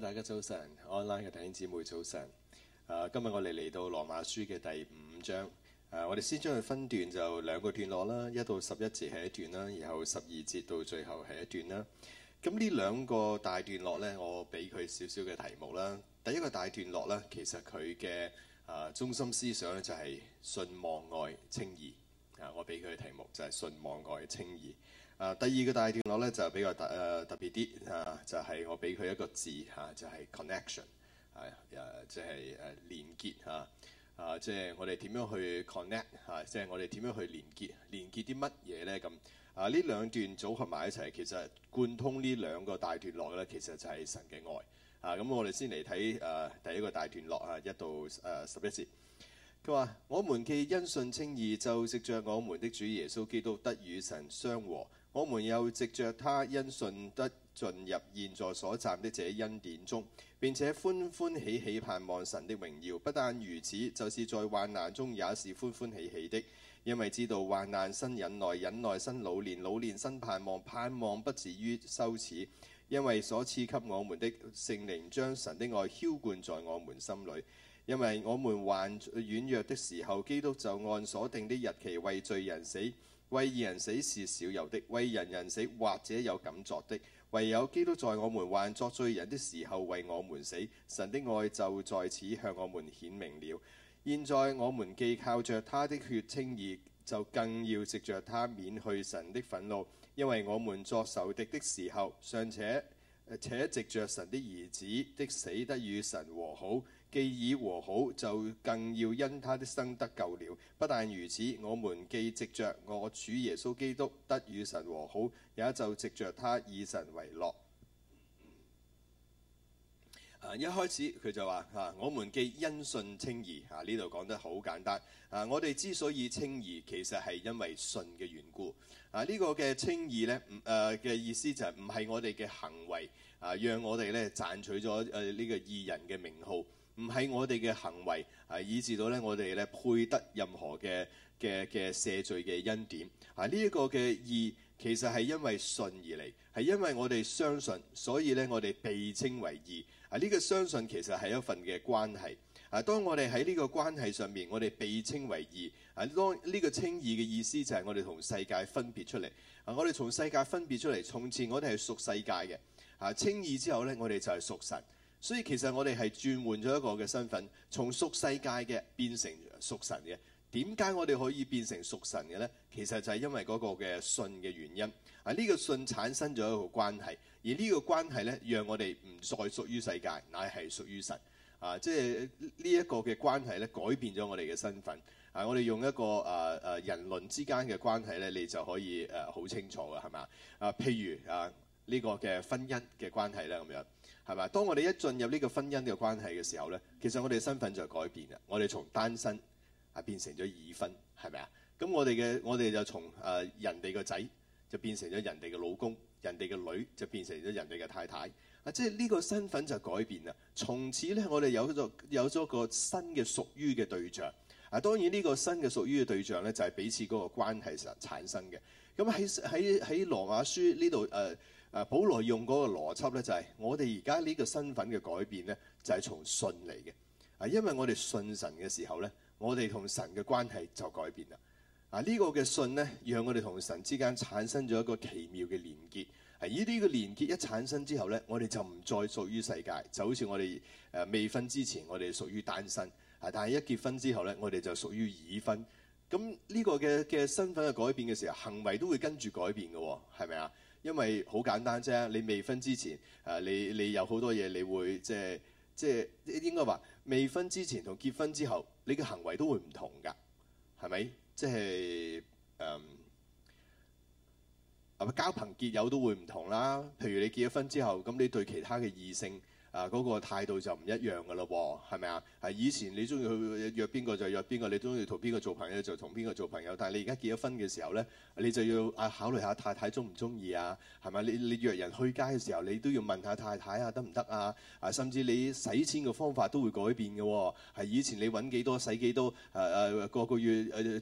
大家早晨，online 嘅弟兄姊妹早晨。啊、今日我哋嚟到羅馬書嘅第五章。啊、我哋先將佢分段就兩個段落啦，一到十一節係一段啦，然後十二節到最後係一段啦。咁呢兩個大段落呢，我俾佢少少嘅題目啦。第一個大段落呢，其實佢嘅、啊、中心思想呢，就係信望愛稱義。啊，我俾佢嘅題目就係信望愛稱義。啊，第二個大段落咧就比較特誒、呃、特別啲啊，就係、是、我俾佢一個字嚇、啊，就係、是、connection 係、啊、誒，即係誒連結嚇啊，即、就、係、是、我哋點樣去 connect 嚇、啊，即、就、係、是、我哋點樣去連結，連結啲乜嘢咧咁啊？呢兩段組合埋一齊，其實貫通呢兩個大段落咧，其實就係神嘅愛啊。咁、嗯、我哋先嚟睇誒第一個大段落啊，一到誒十一節，佢話：我們既因信稱義，就藉著我們的主耶穌基督得與神相和。我們又藉著他因信得進入現在所站的這恩典中，並且歡歡喜喜盼望神的榮耀。不但如此，就是在患難中也是歡歡喜喜的，因為知道患難生忍耐，忍耐生老練，老練生盼望，盼望不至於羞恥，因為所賜給我們的聖靈將神的愛澆灌在我們心裡。因為我們還軟弱的時候，基督就按所定的日期為罪人死。為義人死是少有的，為人人死或者有敢作的。唯有基督在我們還作罪人的時候為我們死，神的愛就在此向我們顯明了。現在我們既靠著他的血稱義，就更要藉著他免去神的憤怒，因為我們作仇敵的時候尚且、呃、且藉著神的兒子的死得與神和好。既已和好，就更要因他的生得救了。不但如此，我們既藉着，着我主耶穌基督得與神和好，也就藉着他以神為樂。啊，一開始佢就話啊，我們既因信稱義，啊呢度講得好簡單。啊，我哋之所以稱義，其實係因為信嘅緣故。啊，這個、稱義呢個嘅稱義咧，唔誒嘅意思就係唔係我哋嘅行為啊，讓我哋咧賺取咗誒呢個義人嘅名號。唔係我哋嘅行為係，啊，以致到咧，我哋咧配得任何嘅嘅嘅赦罪嘅恩典。啊，呢、這、一個嘅義其實係因為信而嚟，係因為我哋相信，所以咧我哋被稱為義。啊，呢、這個相信其實係一份嘅關係。啊，當我哋喺呢個關係上面，我哋被稱為義。啊，當呢個稱義嘅意思就係我哋同世界分別出嚟。啊，我哋從世界分別出嚟，從前我哋係屬世界嘅。啊，稱義之後咧，我哋就係屬神。所以其實我哋係轉換咗一個嘅身份，從屬世界嘅變成屬神嘅。點解我哋可以變成屬神嘅呢？其實就係因為嗰個嘅信嘅原因。啊，呢個信產生咗一個關係，而呢個關係呢，讓我哋唔再屬於世界，乃係屬於神。啊，即係呢一個嘅關係呢，改變咗我哋嘅身份。啊，我哋用一個啊啊人倫之間嘅關係呢，你就可以誒好、啊、清楚嘅係嘛？啊，譬如啊呢個嘅婚姻嘅關係啦咁樣。係嘛？當我哋一進入呢個婚姻嘅關係嘅時候呢，其實我哋身份就改變啦。我哋從單身啊變成咗已婚，係咪啊？咁我哋嘅我哋就從誒、呃、人哋嘅仔就變成咗人哋嘅老公，人哋嘅女就變成咗人哋嘅太太啊！即係呢個身份就改變啦。從此呢，我哋有咗有咗個新嘅屬於嘅對象啊。當然呢個新嘅屬於嘅對象呢，就係、是、彼此嗰個關係產生嘅。咁喺喺喺羅馬書呢度誒。呃啊，保羅用嗰個邏輯咧，就係我哋而家呢個身份嘅改變咧，就係從信嚟嘅。啊，因為我哋信神嘅時候咧，我哋同神嘅關係就改變啦。啊，呢個嘅信咧，讓我哋同神之間產生咗一個奇妙嘅連結。啊，呢啲嘅連結一產生之後咧，我哋就唔再屬於世界，就好似我哋誒未婚之前我哋屬於單身，啊，但係一結婚之後咧，我哋就屬於已婚。咁呢個嘅嘅身份嘅改變嘅時候，行為都會跟住改變嘅，哦，係咪啊？因為好簡單啫，你未婚之前，誒你你有好多嘢，你會即係即係應該話，未婚之前同結婚之後，你嘅行為都會唔同㗎，係咪？即係誒，或、嗯、者交朋結友都會唔同啦。譬如你結咗婚之後，咁你對其他嘅異性，啊，嗰、那個態度就唔一樣嘅咯，係咪啊？係以前你中意去約邊個就約邊個，你中意同邊個做朋友就同邊個做朋友。但係你而家結咗婚嘅時候咧，你就要啊考慮下太太中唔中意啊，係咪？你你約人去街嘅時候，你都要問下太太啊得唔得啊？啊，甚至你使錢嘅方法都會改變嘅、哦。係、啊、以前你揾幾多使幾多，誒、啊、誒、啊、個個月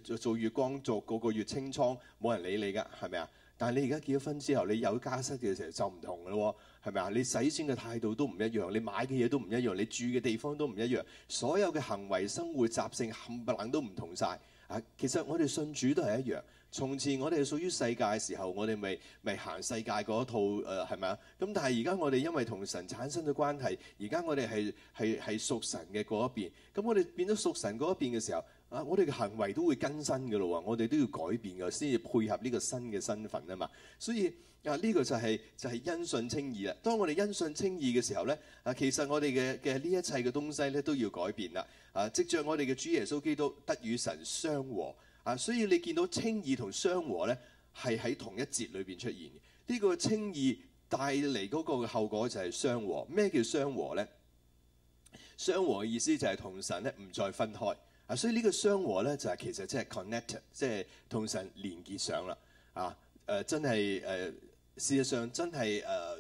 誒、啊、做月光做個個月清倉，冇人理你㗎，係咪啊？但係你而家結咗婚之後，你有家室嘅時候就唔同嘅咯、哦。係咪啊？你使錢嘅態度都唔一樣，你買嘅嘢都唔一樣，你住嘅地方都唔一樣，所有嘅行為、生活習性冚唪唥都唔同晒，啊。其實我哋信主都係一樣。從前我哋係屬於世界嘅時候，我哋咪咪行世界嗰套，誒係咪啊？咁但係而家我哋因為同神產生咗關係，而家我哋係係係屬神嘅嗰一邊。咁我哋變咗屬神嗰一邊嘅時候。啊！我哋嘅行為都會更新嘅咯喎，我哋都要改變嘅，先至配合呢個新嘅身份啊嘛。所以啊，呢個就係就係因信稱義啊。當我哋因信稱義嘅時候咧，啊，其實我哋嘅嘅呢一切嘅東西咧都要改變啦。啊，藉著我哋嘅主耶穌基督得與神相和啊。所以你見到稱義同相和咧，係喺同一節裏邊出現嘅。呢個稱義帶嚟嗰個嘅後果就係相和。咩叫相和咧？相和嘅意思就係同神咧唔再分開。啊，所以個呢個相和咧就係、是、其實即係 connect 即係同神連結上啦。啊，誒、啊、真係誒、啊，事實上真係誒、啊，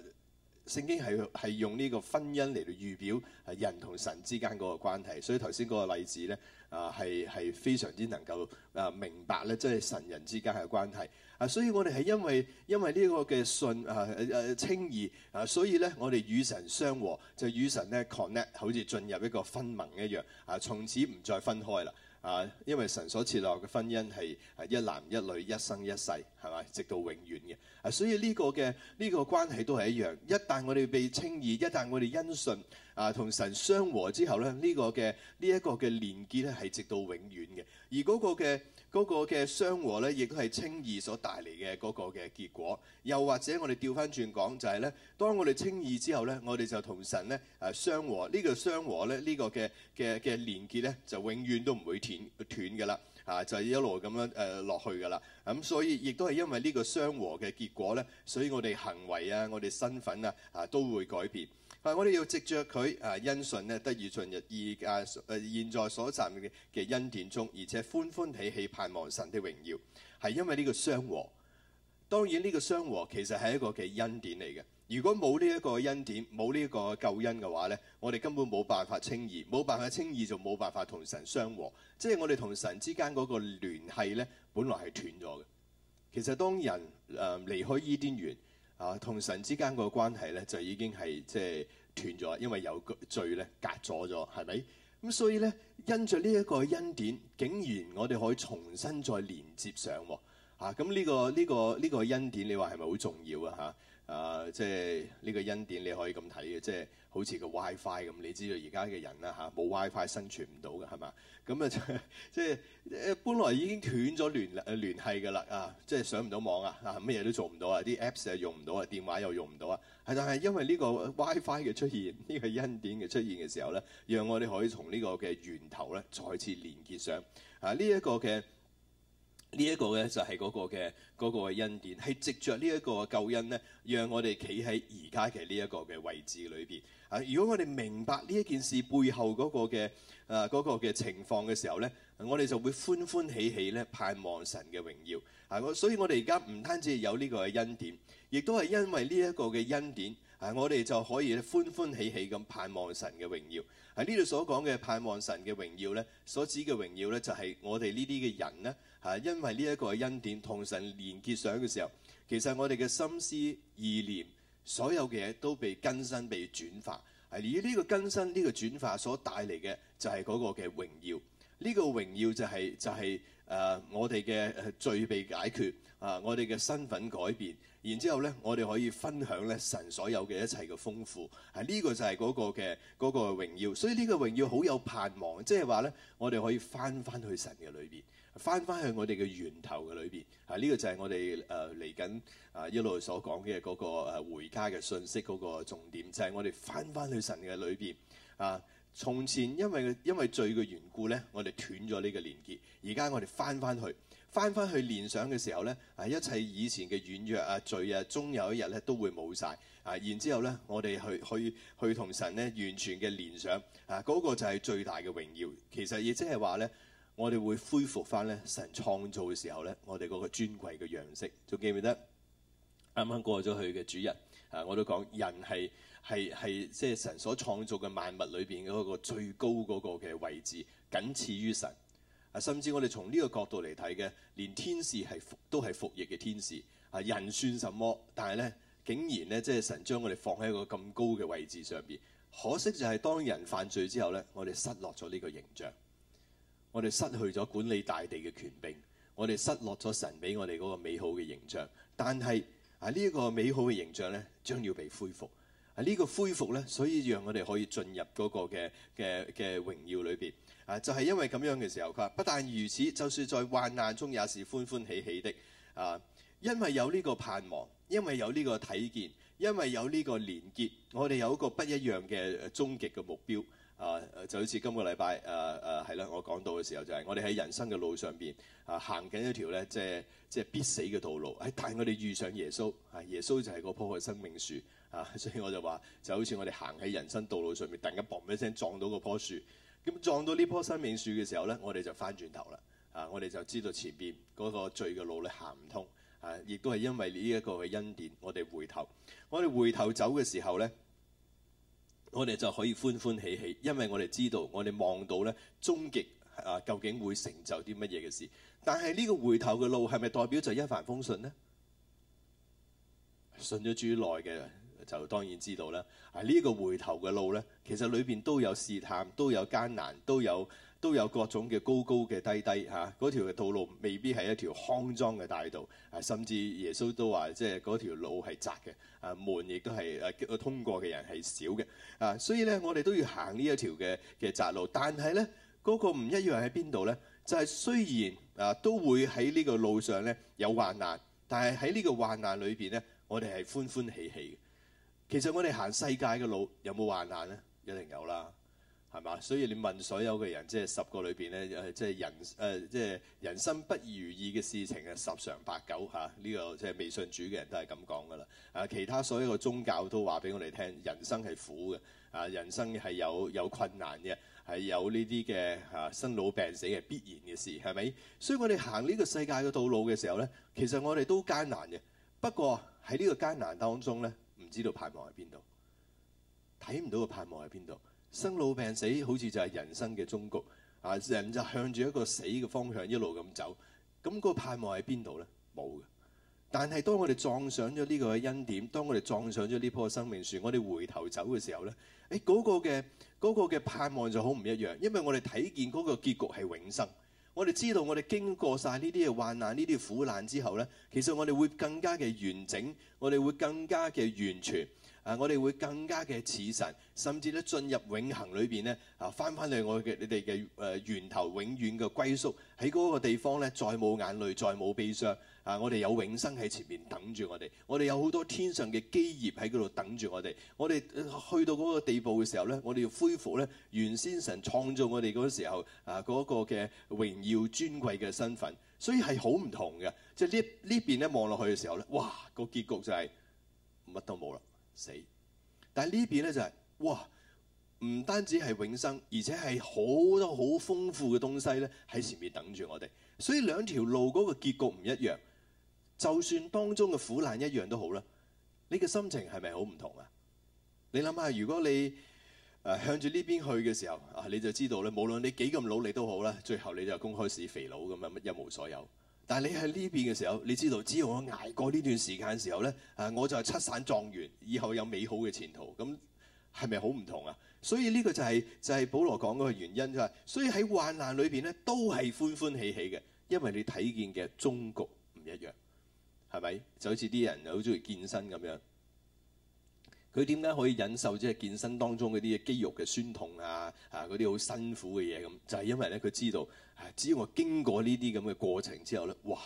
聖經係係用呢個婚姻嚟到預表係人同神之間嗰個關係，所以頭先嗰個例子咧。啊，係係非常之能夠啊，明白咧，即係神人之間嘅關係。啊，所以我哋係因為因為呢個嘅信啊啊稱義，啊，所以咧我哋與神相和，就與神咧 connect，好似進入一個分盟一樣，啊，從此唔再分開啦。啊，因為神所設立嘅婚姻係一男一女一生一世，係嘛，直到永遠嘅。啊，所以呢個嘅呢個關係都係一樣。一旦我哋被稱義，一旦我哋因信啊同神相和之後咧，呢個嘅呢一個嘅連結咧係直到永遠嘅。而嗰個嘅。嗰個嘅相和咧，亦都係稱義所帶嚟嘅嗰個嘅結果。又或者我哋掉返轉講就係咧，當我哋稱義之後咧，我哋就同神咧誒相和。呢個、和呢、呢個相和咧，呢個嘅嘅嘅連結咧，就永遠都唔會斷斷㗎啦。啊，就係一路咁樣誒落、呃、去㗎啦。咁、啊、所以亦都係因為呢個相和嘅結果咧，所以我哋行為啊，我哋身份啊，啊都會改變。係，我哋要藉着佢，啊，因信咧得以進入依家誒現在所站嘅嘅恩典中，而且歡歡喜喜盼望神的榮耀，係因為呢個相和。當然呢個相和其實係一個嘅恩典嚟嘅。如果冇呢一個恩典，冇呢一個救恩嘅話咧，我哋根本冇辦法稱義，冇辦法稱義就冇辦法同神相和。即係我哋同神之間嗰個聯繫咧，本來係斷咗嘅。其實當人誒離開伊甸園。啊，同神之間個關係咧就已經係即係斷咗，因為有個罪咧隔咗咗，係咪？咁所以咧，因着呢一個恩典，竟然我哋可以重新再連接上喎、啊。咁、啊、呢、啊這個呢、這個呢、這個恩典，你話係咪好重要啊？嚇、啊！啊，uh, 即係呢、這個恩典你可以咁睇嘅，即係好似個 WiFi 咁，Fi, 你知道而家嘅人啦嚇，冇、啊、WiFi 生存唔到嘅係嘛？咁啊，即係誒，本來已經斷咗聯聯繫嘅啦啊，即係上唔到網啊，啊，乜嘢都做唔到啊，啲 Apps 又用唔到啊，電話又用唔到啊，係但係因為呢個 WiFi 嘅出現，呢、這個恩典嘅出現嘅時候咧，讓我哋可以從呢個嘅源頭咧再次連結上啊，呢、這、一個嘅。呢一個呢就係嗰個嘅嗰個嘅恩典，係藉着呢一個嘅救恩呢，讓我哋企喺而家嘅呢一個嘅位置裏邊啊。如果我哋明白呢一件事背後嗰個嘅啊嗰個嘅情況嘅時候呢、啊，我哋就會歡歡喜喜咧盼望神嘅榮耀啊。所以我哋而家唔單止有呢個嘅恩典，亦都係因為呢一個嘅恩典啊，我哋就可以歡歡喜喜咁盼望神嘅榮耀。喺呢度所講嘅盼望神嘅榮耀呢，所指嘅榮耀呢，就係我哋呢啲嘅人呢。啊！因為呢一個係恩典，同神連結上嘅時候，其實我哋嘅心思意念，所有嘅嘢都被更新、被轉化。係而呢個更新、呢、呢個轉化所帶嚟嘅，就係嗰個嘅榮耀。呢個榮耀就係就係誒我哋嘅誒罪被解決啊！我哋嘅身份改變，然之後呢，我哋可以分享咧神所有嘅一切嘅豐富。係、啊、呢、呢個就係嗰個嘅嗰、嗰個榮耀，所以呢個榮耀好有盼望，即係話呢，我哋可以返返去神嘅裏邊。翻翻去我哋嘅源頭嘅裏邊，啊，呢個就係我哋誒嚟緊啊一路所講嘅嗰個回家嘅信息嗰個重點，就係我哋翻翻去神嘅裏邊啊。從前因為因為罪嘅緣故呢，我哋斷咗呢個連結。而家我哋翻翻去，翻翻去聯想嘅時候呢，啊，一切以前嘅軟弱啊、罪啊，終有一日呢都會冇晒。啊。然之後呢，我哋去去去同神呢完全嘅聯想啊，嗰個就係最大嘅榮耀。其實亦即係話呢。我哋會恢復翻咧神創造嘅時候咧，我哋嗰個尊貴嘅樣式，仲記唔記得？啱啱過咗去嘅主日？啊，我都講人係係係即係神所創造嘅萬物裏邊嗰個最高嗰個嘅位置，僅次於神啊。甚至我哋從呢個角度嚟睇嘅，連天使係都係服役嘅天使啊。人算什麼？但係咧，竟然咧即係神將我哋放喺一個咁高嘅位置上邊。可惜就係當人犯罪之後咧，我哋失落咗呢個形象。我哋失去咗管理大地嘅權柄，我哋失落咗神俾我哋嗰個美好嘅形象。但係啊，呢、這、一個美好嘅形象咧，將要被恢復啊，呢、這個恢復咧，所以讓我哋可以進入嗰個嘅嘅嘅榮耀裏邊啊，就係、是、因為咁樣嘅時候，佢話不但如此，就算在患難中也是歡歡喜喜的。啊，因為有呢個盼望，因為有呢個睇見，因為有呢個連結，我哋有一個不一樣嘅終極嘅目標。啊，就好似今個禮拜，誒誒係啦，我講到嘅時候就係，我哋喺人生嘅路上邊，啊行緊一條咧，即係即係必死嘅道路。誒，但係我哋遇上耶穌，啊耶穌就係嗰棵嘅生命樹，啊，所以我就話，就好似我哋行喺人生道路上面，突然間嘣一聲撞到嗰棵樹，咁、啊、撞到呢棵生命樹嘅時候咧，我哋就翻轉頭啦，啊，我哋就知道前邊嗰個罪嘅路咧行唔通，啊，亦都係因為呢一個嘅恩典，我哋回頭，我哋回頭走嘅時候咧。我哋就可以歡歡喜喜，因為我哋知道，我哋望到咧終極啊，究竟會成就啲乜嘢嘅事？但係呢個回頭嘅路係咪代表就一帆風順呢？信咗主耐嘅就當然知道啦。啊，呢個回頭嘅路咧，其實裏邊都有試探，都有艱難，都有。都有各種嘅高高嘅低低嚇，嗰、啊、條嘅道路未必係一條康莊嘅大道、啊，甚至耶穌都話，即係嗰條路係窄嘅，啊門亦都係啊通過嘅人係少嘅，啊，啊所以咧我哋都要行呢一條嘅嘅窄路，但係咧嗰個唔一樣喺邊度咧？就係、是、雖然啊都會喺呢個路上咧有患難，但係喺呢個患難裏邊咧，我哋係歡歡喜喜嘅。其實我哋行世界嘅路有冇患難咧？一定有啦。係嘛？所以你問所有嘅人，即係十個裏邊咧，誒，即係人，誒、呃，即係人生不如意嘅事情係十常八九嚇。呢、啊這個即係未信主嘅人都係咁講㗎啦。啊，其他所有嘅宗教都話俾我哋聽，人生係苦嘅，啊，人生係有有困難嘅，係有呢啲嘅嚇，生老病死係必然嘅事，係咪？所以我哋行呢個世界嘅道路嘅時候咧，其實我哋都艱難嘅。不過喺呢個艱難當中咧，唔知道盼望喺邊度，睇唔到個盼望喺邊度。生老病死好似就係人生嘅終局，啊，人就向住一個死嘅方向一路咁走，咁個盼望喺邊度呢？冇嘅。但係當我哋撞上咗呢個恩典，當我哋撞上咗呢棵生命樹，我哋回頭走嘅時候呢，誒嗰個嘅嗰個嘅盼望就好唔一樣，因為我哋睇見嗰個結局係永生，我哋知道我哋經過晒呢啲嘅患難、呢啲苦難之後呢，其實我哋會更加嘅完整，我哋會更加嘅完全。啊！我哋會更加嘅似神，甚至咧進入永恆裏邊咧啊，翻返去我嘅你哋嘅誒源頭，永遠嘅歸宿喺嗰個地方咧，再冇眼淚，再冇悲傷啊！我哋有永生喺前面等住我哋，我哋有好多天上嘅基業喺嗰度等住我哋。我哋去到嗰個地步嘅時候咧，我哋要恢復咧原先神創造我哋嗰時候啊嗰個嘅榮耀尊貴嘅身份，所以係好唔同嘅。即係呢呢邊咧望落去嘅時候咧，哇個結局就係乜都冇啦。死，但係呢邊咧就係、是、哇，唔單止係永生，而且係好多好豐富嘅東西咧喺前面等住我哋。所以兩條路嗰個結局唔一樣，就算當中嘅苦難一樣都好啦，你嘅心情係咪好唔同啊？你諗下，如果你誒向住呢邊去嘅時候啊，你就知道咧，無論你幾咁努力都好啦，最後你就公開死肥佬咁樣，一無所有。但係你喺呢邊嘅時候，你知道只要我捱過呢段時間時候咧，誒我就係七省狀元，以後有美好嘅前途，咁係咪好唔同啊？所以呢個就係、是、就係、是、保羅講嗰個原因、就是，就係所以喺患難裏邊咧都係歡歡喜喜嘅，因為你睇見嘅終局唔一樣，係咪？就好似啲人好鍾意健身咁樣。佢點解可以忍受即係健身當中嗰啲肌肉嘅酸痛啊，啊嗰啲好辛苦嘅嘢咁？就係、是、因為咧，佢知道，只要我經過呢啲咁嘅過程之後咧，哇！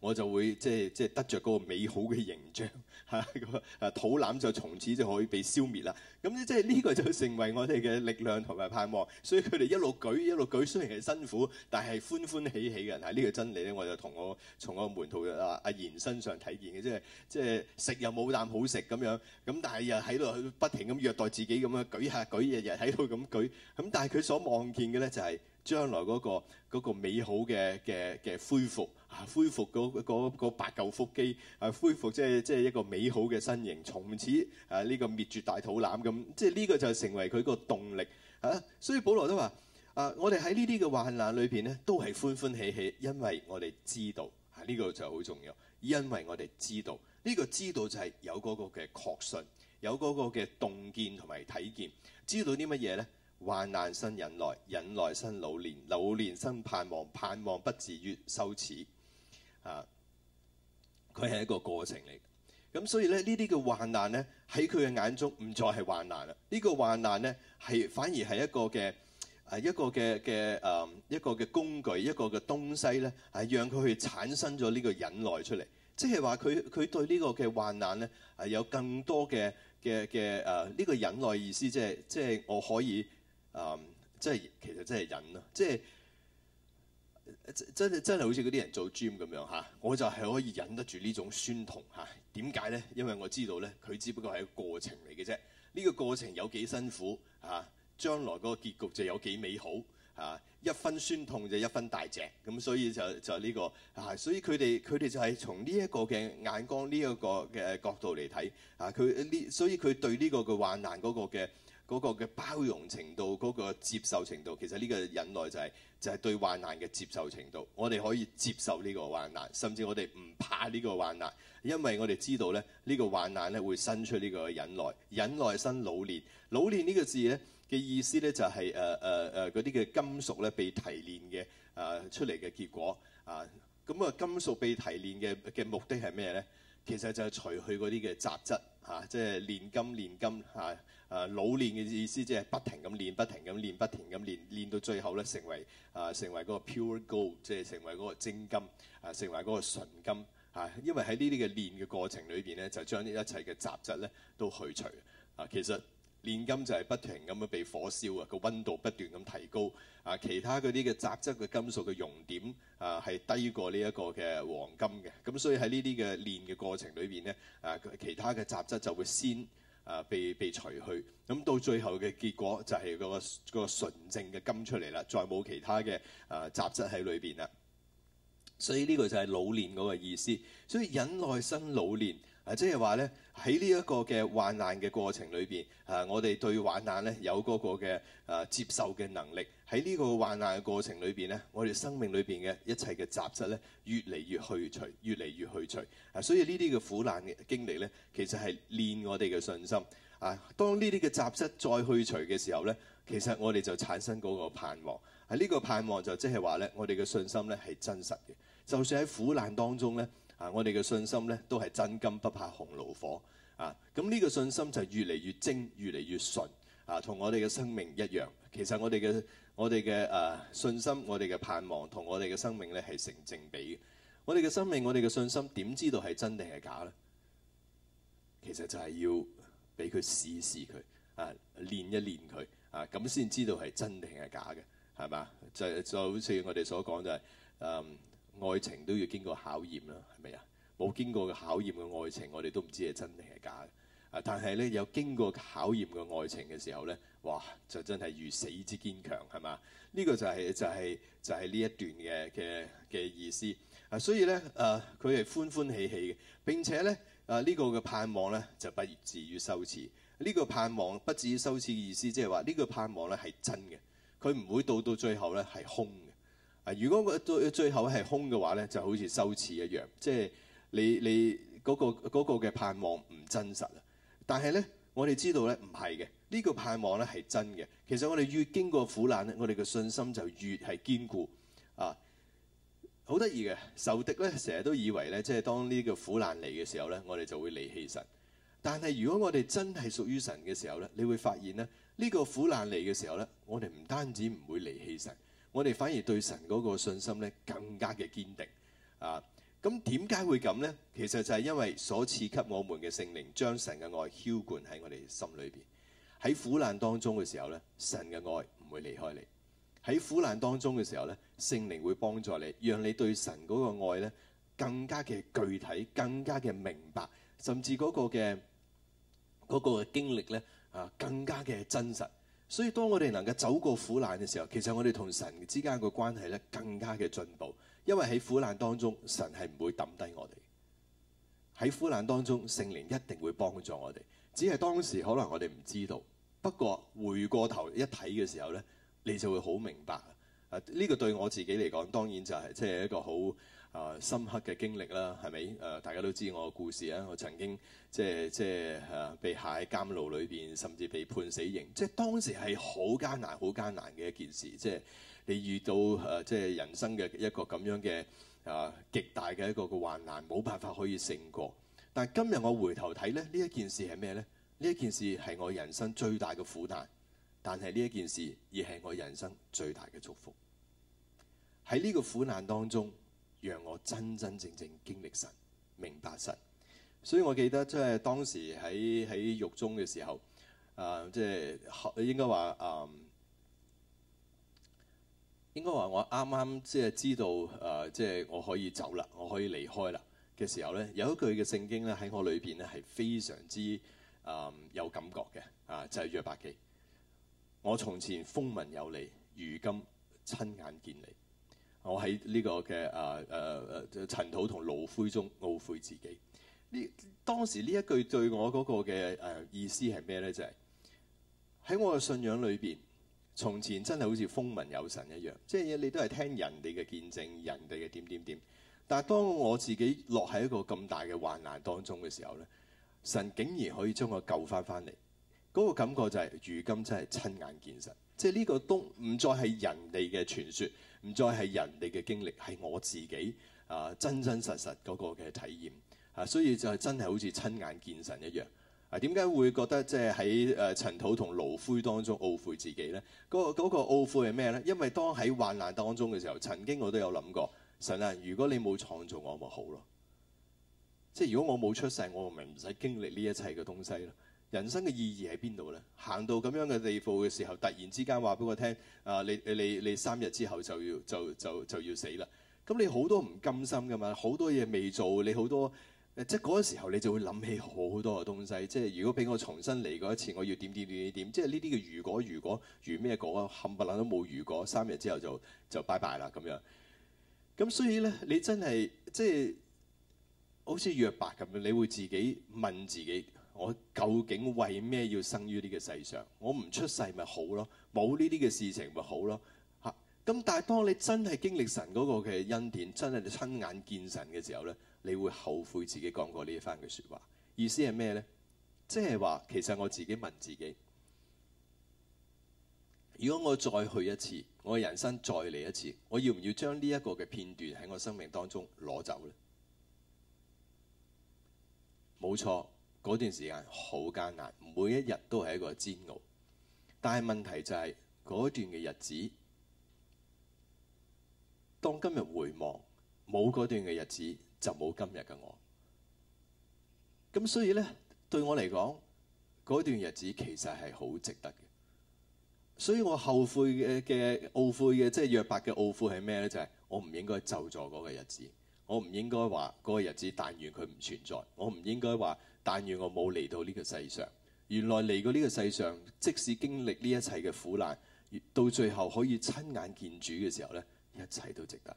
我就會即係即係得着嗰個美好嘅形象，嚇個誒肚腩就從此就可以被消滅啦。咁咧即係呢個就成為我哋嘅力量同埋盼望，所以佢哋一路舉一路舉，雖然係辛苦，但係歡歡喜喜嘅人係呢個真理咧。我就同我從我門徒阿阿賢身上睇見嘅，即係即係食又冇啖好食咁樣，咁但係又喺度不停咁虐待自己咁樣舉下舉，舉，日日喺度咁舉，咁但係佢所望見嘅咧就係、是。將來嗰個嗰個美好嘅嘅嘅恢復啊，恢復嗰八嚿腹肌啊，恢復即係即係一個美好嘅身形，從此啊呢個滅絕大肚腩咁，即係呢個就成為佢個動力啊。所以保羅都話：啊，我哋喺呢啲嘅患難裏邊咧，都係歡歡喜喜，因為我哋知道啊，呢個就好重要，因為我哋知道呢個知道就係有嗰個嘅確信，有嗰個嘅洞見同埋體見，知道啲乜嘢咧？患難生忍耐，忍耐生老練，老練生盼望，盼望不至於羞恥啊！佢係一個過程嚟，咁所以咧呢啲嘅患難咧喺佢嘅眼中唔再係患難啦。呢個患難咧係反而係一個嘅啊一個嘅嘅誒一個嘅工具，一個嘅東西咧係、啊、讓佢去產生咗呢個忍耐出嚟。即係話佢佢對呢個嘅患難咧係、啊、有更多嘅嘅嘅誒呢個忍耐意思，即係即係我可以。誒、嗯，即係其實真係忍啊，即係真真真係好似嗰啲人做 gym 咁樣嚇、啊，我就係可以忍得住呢種酸痛嚇。點、啊、解呢？因為我知道呢，佢只不過係一個過程嚟嘅啫。呢、這個過程有幾辛苦嚇、啊，將來嗰個結局就有幾美好嚇、啊。一分酸痛就一分大隻，咁、啊、所以就就呢、這個嚇、啊。所以佢哋佢哋就係從呢一個嘅眼光，呢一個嘅角度嚟睇嚇。佢、啊、呢，所以佢對呢個嘅患難嗰個嘅。嗰個嘅包容程度，嗰個接受程度，其實呢個忍耐就係就係對患難嘅接受程度。我哋可以接受呢個患難，甚至我哋唔怕呢個患難，因為我哋知道咧，呢個患難咧會生出呢個忍耐。忍耐生老練，老練呢個字咧嘅意思呢就係誒誒誒嗰啲嘅金屬咧被提煉嘅誒出嚟嘅結果啊。咁啊，金屬被提煉嘅嘅目的係咩呢？其實就係除去嗰啲嘅雜質嚇，即係煉金煉金嚇。啊誒、啊、老練嘅意思即係不停咁練，不停咁練，不停咁練，練到最後咧成為誒、啊、成為嗰個 pure gold，即係成為嗰個精金，誒、啊、成為嗰個純金嚇、啊。因為喺呢啲嘅練嘅過程裏邊咧，就將呢一切嘅雜質咧都去除。啊，其實煉金就係不停咁樣被火燒啊，個温度不斷咁提高。啊，其他嗰啲嘅雜質嘅金屬嘅熔點啊係低過呢一個嘅黃金嘅。咁所以喺呢啲嘅煉嘅過程裏邊咧，啊其他嘅雜質就會先。啊，被被除去，咁、啊、到最後嘅結果就係、那個、那個純正嘅金出嚟啦，再冇其他嘅啊雜質喺裏邊啦。所以呢個就係老練嗰個意思，所以忍耐生老練。啊，即係話咧，喺呢一個嘅患難嘅過程裏邊，啊，我哋對患難咧有嗰個嘅啊接受嘅能力。喺呢個患難嘅過程裏邊咧，我哋生命裏邊嘅一切嘅雜質咧，越嚟越去除，越嚟越去除。啊，所以呢啲嘅苦難嘅經歷咧，其實係練我哋嘅信心。啊，當呢啲嘅雜質再去除嘅時候咧，其實我哋就產生嗰個盼望。喺、這、呢個盼望就即係話咧，我哋嘅信心咧係真實嘅。就算喺苦難當中咧。啊！我哋嘅信心咧，都係真金不怕紅爐火啊！咁呢個信心就越嚟越精，越嚟越純啊！同我哋嘅生命一樣，其實我哋嘅我哋嘅誒信心，我哋嘅盼望，同我哋嘅生命咧係成正比嘅。我哋嘅生命，我哋嘅信心點知道係真定係假咧？其實就係要俾佢試試佢啊，練一練佢啊，咁先知道係真定係假嘅，係嘛？就就好似我哋所講就係、誒、嗯。愛情都要經過考驗啦，係咪啊？冇經過嘅考驗嘅愛情，我哋都唔知係真定係假嘅。啊，但係咧有經過考驗嘅愛情嘅時候咧，哇！就真係如死之堅強，係嘛？呢個就係就係就係呢一段嘅嘅嘅意思。啊，所以咧，誒，佢係歡歡喜喜嘅，並且咧，誒呢個嘅盼望咧就不至於羞恥。呢個盼望不至於羞恥嘅意思，即係話呢個盼望咧係真嘅，佢唔會到到最後咧係空。啊！如果個最最後係空嘅話咧，就好似羞恥一樣，即係你你嗰個嗰個嘅盼望唔真實啊！但係咧，我哋知道咧唔係嘅，呢個盼望咧係真嘅。其實我哋越經過苦難咧，我哋嘅信心就越係堅固啊！好得意嘅，仇敵咧成日都以為咧，即係當呢個苦難嚟嘅時候咧，我哋就會離棄神。但係如果我哋真係屬於神嘅時候咧，你會發現咧，呢個苦難嚟嘅時候咧，我哋唔單止唔會離棄神。我哋反而對神嗰個信心咧更加嘅堅定啊！咁點解會咁咧？其實就係因為所賜給我們嘅聖靈，將神嘅愛澆灌喺我哋心裏邊。喺苦難當中嘅時候咧，神嘅愛唔會離開你；喺苦難當中嘅時候咧，聖靈會幫助你，讓你對神嗰個愛咧更加嘅具體，更加嘅明白，甚至嗰個嘅嗰個嘅經歷咧啊更加嘅真實。所以當我哋能夠走過苦難嘅時候，其實我哋同神之間嘅關係咧更加嘅進步，因為喺苦難當中，神係唔會抌低我哋；喺苦難當中，聖靈一定會幫助我哋。只係當時可能我哋唔知道，不過回過頭一睇嘅時候咧，你就會好明白。啊，呢個對我自己嚟講，當然就係即係一個好。啊，深刻嘅經歷啦，係咪？誒，大家都知我個故事啊。我曾經即係即係誒、啊，被下喺監牢裏邊，甚至被判死刑，即係當時係好艱難、好艱難嘅一件事。即係你遇到誒、啊，即係人生嘅一個咁樣嘅啊，極大嘅一個嘅患難，冇辦法可以勝過。但係今日我回頭睇咧，呢一件事係咩咧？呢一件事係我人生最大嘅苦難，但係呢一件事亦係我人生最大嘅祝福。喺呢個苦難當中。讓我真真正正經歷神、明白神，所以我記得即係當時喺喺獄中嘅時候，啊、呃，即係應該話啊，應該話、呃、我啱啱即係知道誒即係我可以走啦，我可以離開啦嘅時候咧，有一句嘅聖經咧喺我裏邊咧係非常之啊、呃、有感覺嘅啊，就係約伯記，我從前風聞有你，如今親眼見你。我喺呢個嘅啊誒誒塵土同爐灰中懊悔自己。呢當時呢一句對我嗰個嘅誒意思係咩咧？就係、是、喺我嘅信仰裏邊，從前真係好似風聞有神一樣，即、就、係、是、你都係聽人哋嘅見證、人哋嘅點點點。但係當我自己落喺一個咁大嘅患難當中嘅時候咧，神竟然可以將我救返返嚟，嗰、那個感覺就係如今真係親眼見神。即係呢個都唔再係人哋嘅傳說，唔再係人哋嘅經歷，係我自己啊真真實實嗰個嘅體驗啊，所以就係真係好似親眼見神一樣啊！點解會覺得即係喺誒塵土同爐灰當中懊悔自己呢？嗰嗰個懊悔係咩呢？因為當喺患難當中嘅時候，曾經我都有諗過，神啊，如果你冇創造我，咪好咯？即係如果我冇出世，我咪唔使經歷呢一切嘅東西咯。人生嘅意義喺邊度咧？行到咁樣嘅地步嘅時候，突然之間話俾我聽，啊，你你你，你三日之後就要就就就要死啦！咁你好多唔甘心噶嘛，好多嘢未做，你好多，即係嗰個時候你就會諗起好多嘅東西。即係如果俾我重新嚟過一次，我要點點點點點。即係呢啲嘅如果如果如咩果，冚唪唥都冇。如果如如三日之後就就拜拜啦咁樣。咁所以咧，你真係即係好似約伯咁樣，你會自己問自己。我究竟為咩要生於呢個世上？我唔出世咪好咯，冇呢啲嘅事情咪好咯嚇。咁、啊、但係當你真係經歷神嗰個嘅恩典，真係你親眼見神嘅時候咧，你會後悔自己講過呢一番嘅説話。意思係咩咧？即係話其實我自己問自己：如果我再去一次，我嘅人生再嚟一次，我要唔要將呢一個嘅片段喺我生命當中攞走咧？冇錯。嗰段時間好艱難，每一日都係一個煎熬。但係問題就係、是、嗰段嘅日子，當今日回望，冇嗰段嘅日子就冇今日嘅我。咁所以咧，對我嚟講，嗰段日子其實係好值得嘅。所以我後悔嘅嘅懊悔嘅，即係約伯嘅懊悔係咩咧？就係、是就是、我唔應該咒詛嗰個日子，我唔應該話嗰個日子但願佢唔存在，我唔應該話。但願我冇嚟到呢個世上，原來嚟過呢個世上，即使經歷呢一切嘅苦難，到最後可以親眼見主嘅時候呢，一切都值得，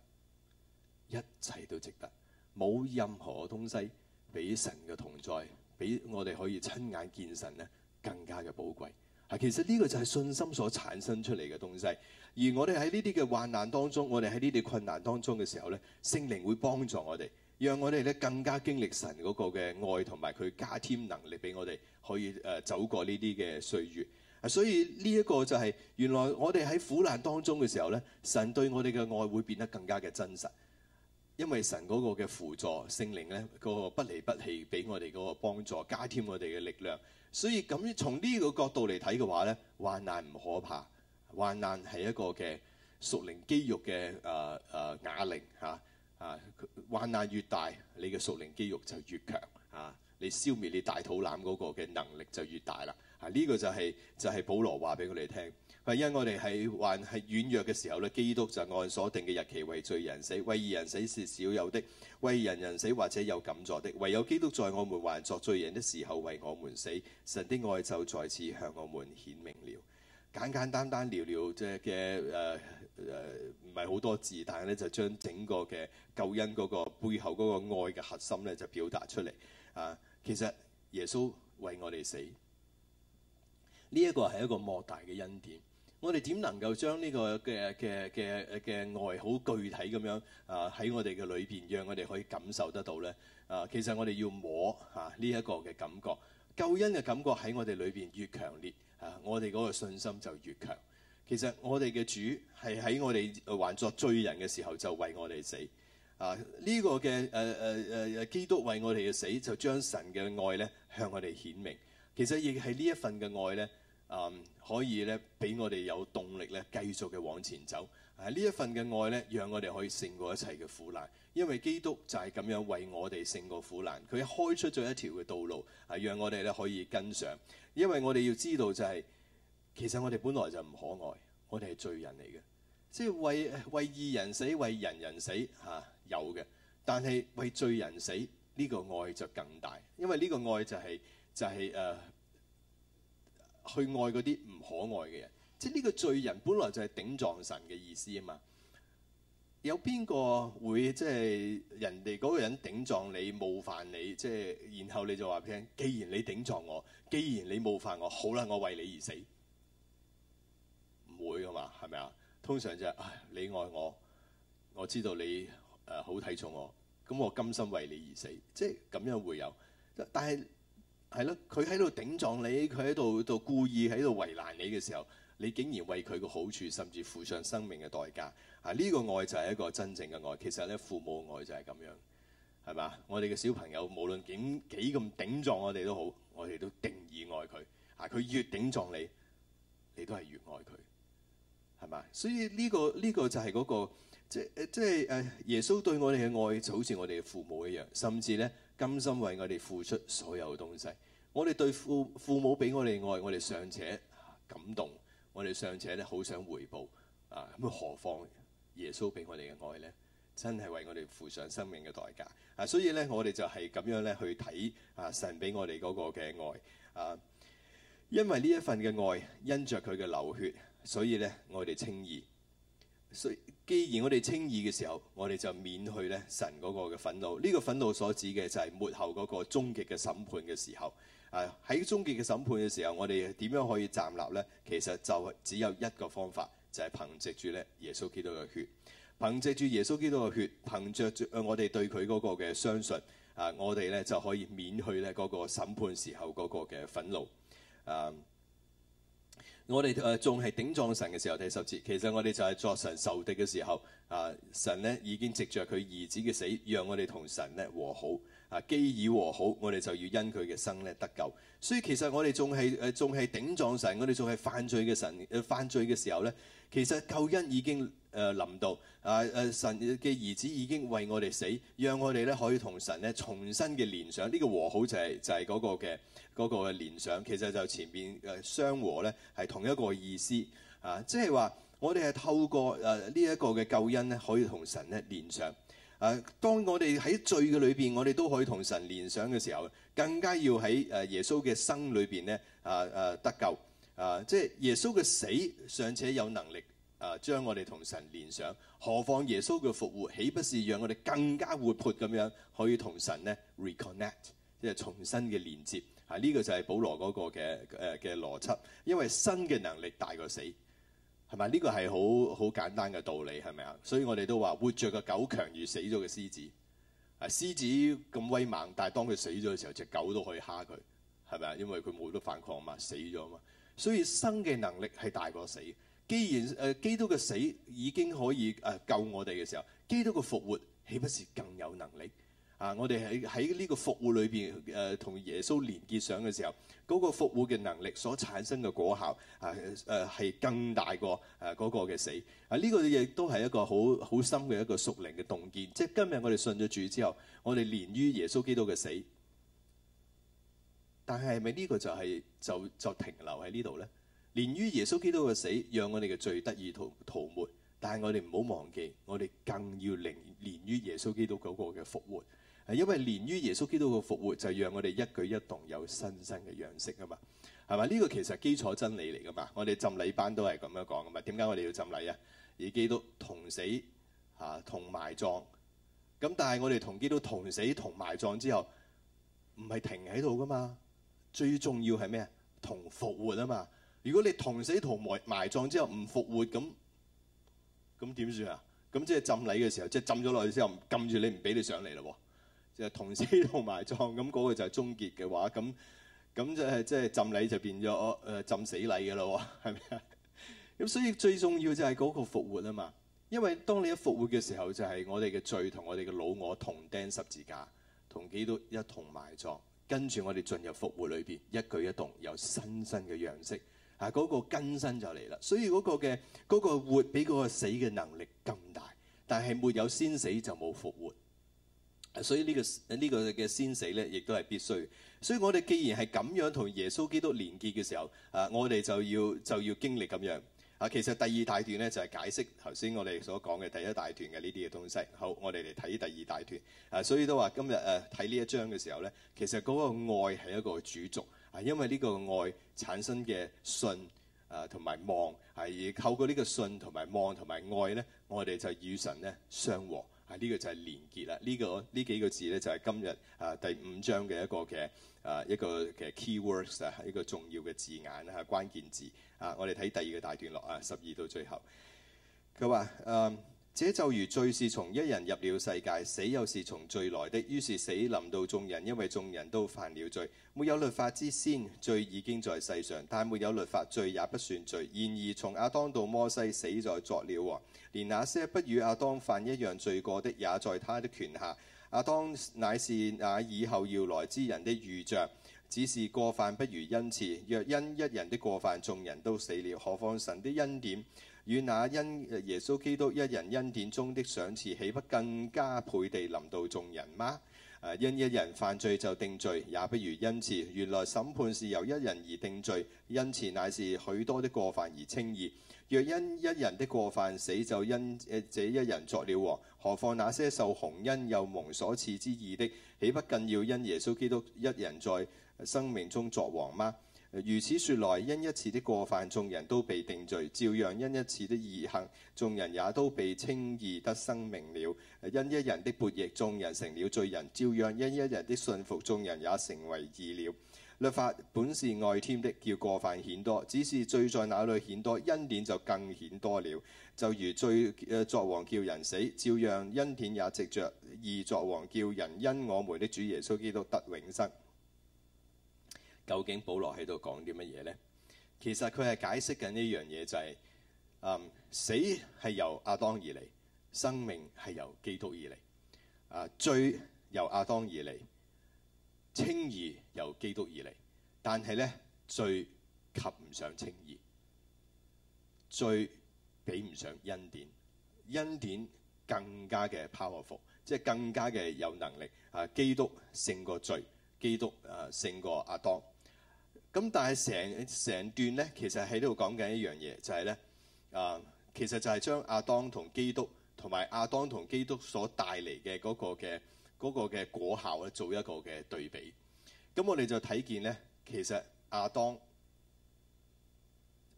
一切都值得。冇任何嘅東西比神嘅同在，比我哋可以親眼見神咧更加嘅寶貴。啊，其實呢個就係信心所產生出嚟嘅東西。而我哋喺呢啲嘅患難當中，我哋喺呢啲困難當中嘅時候呢，聖靈會幫助我哋。讓我哋咧更加經歷神嗰個嘅愛同埋佢加添能力俾我哋，可以誒走過呢啲嘅歲月。啊，所以呢一個就係原來我哋喺苦難當中嘅時候咧，神對我哋嘅愛會變得更加嘅真實，因為神嗰個嘅輔助聖靈咧，嗰個不離不棄俾我哋嗰個幫助，加添我哋嘅力量。所以咁從呢個角度嚟睇嘅話咧，患難唔可怕，患難係一個嘅熟鍊肌肉嘅誒誒啞鈴嚇。啊。啊，患難越大，你嘅熟練肌肉就越強啊！你消滅你大肚腩嗰個嘅能力就越大啦！啊，呢、這個就係、是、就係、是、保羅話俾我哋聽，因為我哋喺還係軟弱嘅時候咧，基督就按所定嘅日期為罪人死，為義人死是少有的，為仁人死或者有敢作的，唯有基督在我們還作罪人的時候為我們死，神的愛就在此向我們顯明了。簡簡單單，單聊聊。即嘅誒。誒唔係好多字，但係咧就將整個嘅救恩嗰個背後嗰個愛嘅核心咧就表達出嚟啊！其實耶穌為我哋死，呢一個係一個莫大嘅恩典。我哋點能夠將呢個嘅嘅嘅嘅愛好具體咁樣啊喺我哋嘅裏邊，讓我哋可以感受得到咧啊！其實我哋要摸嚇呢一個嘅感覺，救恩嘅感覺喺我哋裏邊越強烈啊，我哋嗰個信心就越強。其實我哋嘅主係喺我哋還作罪人嘅時候就為我哋死啊！呢、呢個嘅誒誒誒基督為我哋嘅死就將神嘅愛咧向我哋顯明。其實亦係呢一份嘅愛咧啊，可以咧俾我哋有動力咧繼續嘅往前走啊！呢一份嘅愛咧，讓我哋可以勝過一切嘅苦難，因為基督就係咁樣為我哋勝過苦難。佢開出咗一條嘅道路，係、啊、讓我哋咧可以跟上，因為我哋要知道就係、是。其實我哋本來就唔可愛，我哋係罪人嚟嘅，即係為為義人死，為人人死嚇、啊、有嘅，但係為罪人死呢、這個愛就更大，因為呢個愛就係、是、就係、是、誒、呃、去愛嗰啲唔可愛嘅人，即係呢個罪人本來就係頂撞神嘅意思啊嘛。有邊個會即係、就是、人哋嗰個人頂撞你、冒犯你，即、就、係、是、然後你就話畀佢聽：既然你頂撞我，既然你冒犯我，好啦，我為你而死。會噶嘛？係咪啊？通常就係、唉，你愛我，我知道你誒、呃、好睇重我，咁我甘心為你而死，即係咁樣會有。但係係咯，佢喺度頂撞你，佢喺度度故意喺度為難你嘅時候，你竟然為佢個好處，甚至付上生命嘅代價。啊，呢、呢個愛就係一個真正嘅愛。其實咧，父母嘅愛就係咁樣，係嘛？我哋嘅小朋友無論點幾咁頂撞我哋都好，我哋都定義愛佢。啊，佢越頂撞你，你都係越愛佢。係嘛？所以呢個呢個就係嗰個即係即係誒耶穌對我哋嘅愛就好似我哋父母一樣，甚至咧甘心為我哋付出所有嘅東西。我哋對父父母俾我哋愛，我哋尚且感動，我哋尚且咧好想回報啊！咁何況耶穌俾我哋嘅愛呢，真係為我哋付上生命嘅代價啊！所以咧，我哋就係咁樣咧去睇啊神俾我哋嗰個嘅愛啊，因為呢一份嘅愛，因着佢嘅流血。所以咧，我哋稱義，所以既然我哋稱義嘅時候，我哋就免去咧神嗰個嘅憤怒。呢個憤怒所指嘅就係末後嗰個終極嘅審判嘅時候。啊，喺終極嘅審判嘅時候，我哋點樣可以站立呢？其實就只有一個方法，就係憑藉住咧耶穌基督嘅血。憑藉住耶穌基督嘅血，憑著誒我哋對佢嗰個嘅相信，啊，我哋咧就可以免去咧嗰個審判時候嗰個嘅憤怒。啊。我哋誒仲係頂撞神嘅時候，第十節其實我哋就係作神仇敵嘅時候，啊，神咧已經藉着佢兒子嘅死，讓我哋同神和好。啊，既已和好，我哋就要因佢嘅生咧得救。所以其實我哋仲係誒仲係頂撞神，我哋仲係犯罪嘅神誒犯罪嘅時候咧，其實救恩已經誒臨到啊誒神嘅兒子已經為我哋死，讓我哋咧可以同神咧重新嘅連上。呢個和好就係就係嗰個嘅嗰個嘅連上。其實就前邊誒相和咧係同一個意思啊，即係話我哋係透過誒呢一個嘅救恩咧，可以同神咧連上。誒、啊，當我哋喺罪嘅裏邊，我哋都可以同神連上嘅時候，更加要喺誒耶穌嘅生裏邊咧，啊啊得救啊！即係耶穌嘅死尚且有能力啊，將我哋同神連上，何況耶穌嘅復活，豈不是讓我哋更加活潑咁樣可以同神咧 reconnect，即係重新嘅連接？啊，呢、這個就係保羅嗰個嘅誒嘅邏輯，因為新嘅能力大過死。係咪呢個係好好簡單嘅道理，係咪啊？所以我哋都話活着嘅狗強如死咗嘅獅子。啊，獅子咁威猛，但係當佢死咗嘅時候，隻狗都可以蝦佢，係咪啊？因為佢冇得反抗嘛，死咗嘛。所以生嘅能力係大過死。既然誒、呃、基督嘅死已經可以誒、呃、救我哋嘅時候，基督嘅復活豈不是更有能力？啊！我哋喺喺呢個服務裏邊誒，同耶穌連結上嘅時候，嗰個服務嘅能力所產生嘅果效，啊誒係更大過誒嗰個嘅死。啊，呢個亦都係一個好好深嘅一個屬靈嘅洞見。即係今日我哋信咗主之後，我哋連於耶穌基督嘅死。但係係咪呢個就係就就停留喺呢度咧？連於耶穌基督嘅死，讓我哋嘅罪得以塗塗抹。但係我哋唔好忘記，我哋更要連連於耶穌基督嗰個嘅復活。係因為連於耶穌基督嘅復活，就係讓我哋一舉一動有新生嘅樣式啊嘛，係咪？呢個其實基礎真理嚟噶嘛。我哋浸禮班都係咁樣講噶嘛。點解我哋要浸禮啊？而基督同死啊同埋葬，咁但係我哋同基督同死同埋葬之後，唔係停喺度噶嘛？最重要係咩啊？同復活啊嘛！如果你同死同埋埋葬之後唔復活，咁咁點算啊？咁即係浸禮嘅時候，即係浸咗落去之後，撳住你唔俾你上嚟咯喎！就同死同埋葬，咁、那、嗰個就係終結嘅話，咁咁即係即係浸禮就變咗誒、呃、浸死禮嘅咯，係咪啊？咁 所以最重要就係嗰個復活啊嘛，因為當你一復活嘅時候，就係、是、我哋嘅罪同我哋嘅老我同釘十字架同基督一同埋葬，跟住我哋進入復活裏邊，一舉一動有新生嘅樣式，啊、那、嗰個更新就嚟啦。所以嗰個嘅嗰、那個活比嗰個死嘅能力咁大，但係沒有先死就冇復活。所以呢、呢個呢、呢個嘅先死咧，亦都係必須。所以我哋既然係咁樣同耶穌基督連結嘅時候，啊，我哋就要就要經歷咁樣。啊，其實第二大段咧就係、是、解釋頭先我哋所講嘅第一大段嘅呢啲嘅東西。好，我哋嚟睇第二大段。啊，所以都話今日誒睇呢一章嘅時候咧，其實嗰個愛係一個主軸，係、啊、因為呢個愛產生嘅信啊，同埋望係透過呢個信同埋望同埋愛咧，我哋就與神咧相和。係呢、啊這個就係連結啦，呢、這個呢幾個字咧就係、是、今日誒、啊、第五章嘅一個嘅誒、啊、一個嘅 keywords 啊，一個重要嘅字眼啊，關鍵字啊，我哋睇第二個大段落啊，十二到最後，佢話誒。啊這就如罪是從一人入了世界，死又是從罪來的，於是死臨到眾人，因為眾人都犯了罪。沒有律法之先，罪已經在世上；但沒有律法，罪也不算罪。然而從亞當到摩西，死在作了王，連那些不與亞當犯一樣罪過的，也在他的權下。亞當乃是那以後要來之人的預象，只是過犯不如恩賜。若因一人的過犯，眾人都死了，何況神的恩典？與那因耶穌基督一人恩典中的賞賜，豈不更加倍地臨到眾人嗎？誒、啊、因一人犯罪就定罪，也不如恩賜。原來審判是由一人而定罪，恩賜乃是許多的過犯而稱義。若因一人的過犯死，就因誒這一人作了王，何況那些受洪恩又蒙所賜之義的，豈不更要因耶穌基督一人在生命中作王嗎？如此説來，因一次的過犯，眾人都被定罪；照樣，因一次的義行，眾人也都被稱義得生命了。因一人的悖逆，眾人成了罪人；照樣，因一人的信服，眾人也成為義了。律法本是外添的，叫過犯顯多；只是罪在那裏顯多，恩典就更顯多了。就如罪作王叫人死，照樣因，恩典也藉著義作王叫人因我們的主耶穌基督得永生。究竟保羅喺度講啲乜嘢咧？其實佢係解釋緊呢樣嘢，就係嗯死係由亞當而嚟，生命係由基督而嚟。啊，罪由亞當而嚟，稱義由基督而嚟。但係咧，罪及唔上稱義，罪比唔上恩典。恩典更加嘅 powerful，即係更加嘅有能力。啊，基督勝過罪，基督啊勝過亞當。咁但係成成段咧，其實喺度講緊一樣嘢，就係咧啊，其實就係將亞當同基督同埋亞當同基督所帶嚟嘅嗰個嘅嗰個嘅果效咧，做一個嘅對比。咁、嗯、我哋就睇見咧，其實亞當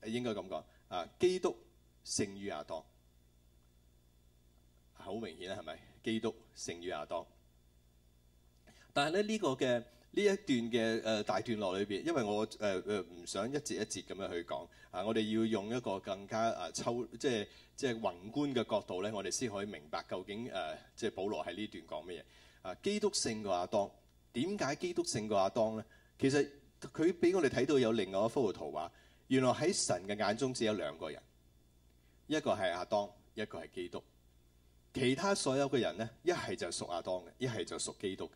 應該咁講啊，基督勝於亞當，好明顯啦，係咪？基督勝於亞當，但係咧呢、呢個嘅。呢一段嘅誒、呃、大段落裏邊，因為我誒誒唔想一節一節咁樣去講啊，我哋要用一個更加啊、呃、抽，即係即係宏觀嘅角度咧，我哋先可以明白究竟誒、呃、即係保羅喺呢段講乜嘢啊？基督勝過亞當，點解基督勝過亞當咧？其實佢俾我哋睇到有另外一幅嘅圖畫，原來喺神嘅眼中只有兩個人，一個係亞當，一個係基督，其他所有嘅人咧，一係就屬亞當嘅，一係就屬基督嘅。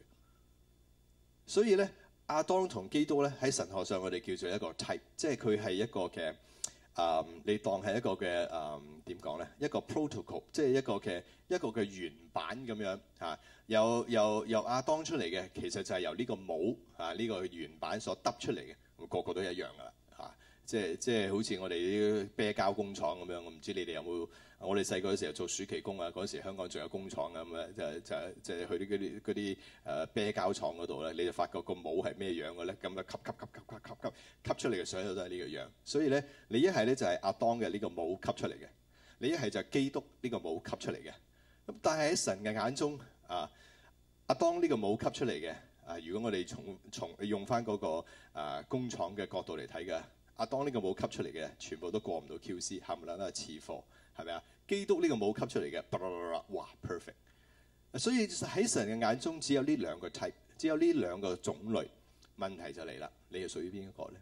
所以咧，阿當同基督咧喺神學上，我哋叫做一個 type，即係佢係一個嘅，誒、嗯，你當係一個嘅，誒點講咧？一個 protocol，即係一個嘅一個嘅原版咁樣嚇。由由由阿當出嚟嘅，其實就係由呢個模嚇呢個原版所得出嚟嘅，個個都一樣噶啦嚇。即係即係好似我哋啲啤膠工廠咁樣，我唔知你哋有冇。我哋細個嘅時候做暑期工啊，嗰陣時香港仲有工廠咁啊、嗯，就就就去啲嗰啲啲誒啤膠廠嗰度咧，你就發覺個帽係咩樣嘅咧？咁、嗯、啊，吸吸吸吸吸吸吸，吸，吸，吸，吸出嚟嘅水都係呢個樣，所以咧你一係咧就係阿當嘅呢個帽吸出嚟嘅，你一係就係基督呢個帽吸出嚟嘅。咁但係喺神嘅眼中啊，阿當呢個帽吸出嚟嘅，啊如果我哋從從用翻嗰個工廠嘅角度嚟睇嘅，阿當呢個帽吸出嚟嘅、啊，全部都過唔到 Q C，冚唪唥，都係次貨。係咪啊？基督呢個冇吸出嚟嘅，哇 perfect！所以喺神嘅眼中只有呢兩個 type，只有呢兩個種類。問題就嚟啦，你係屬於邊一個咧？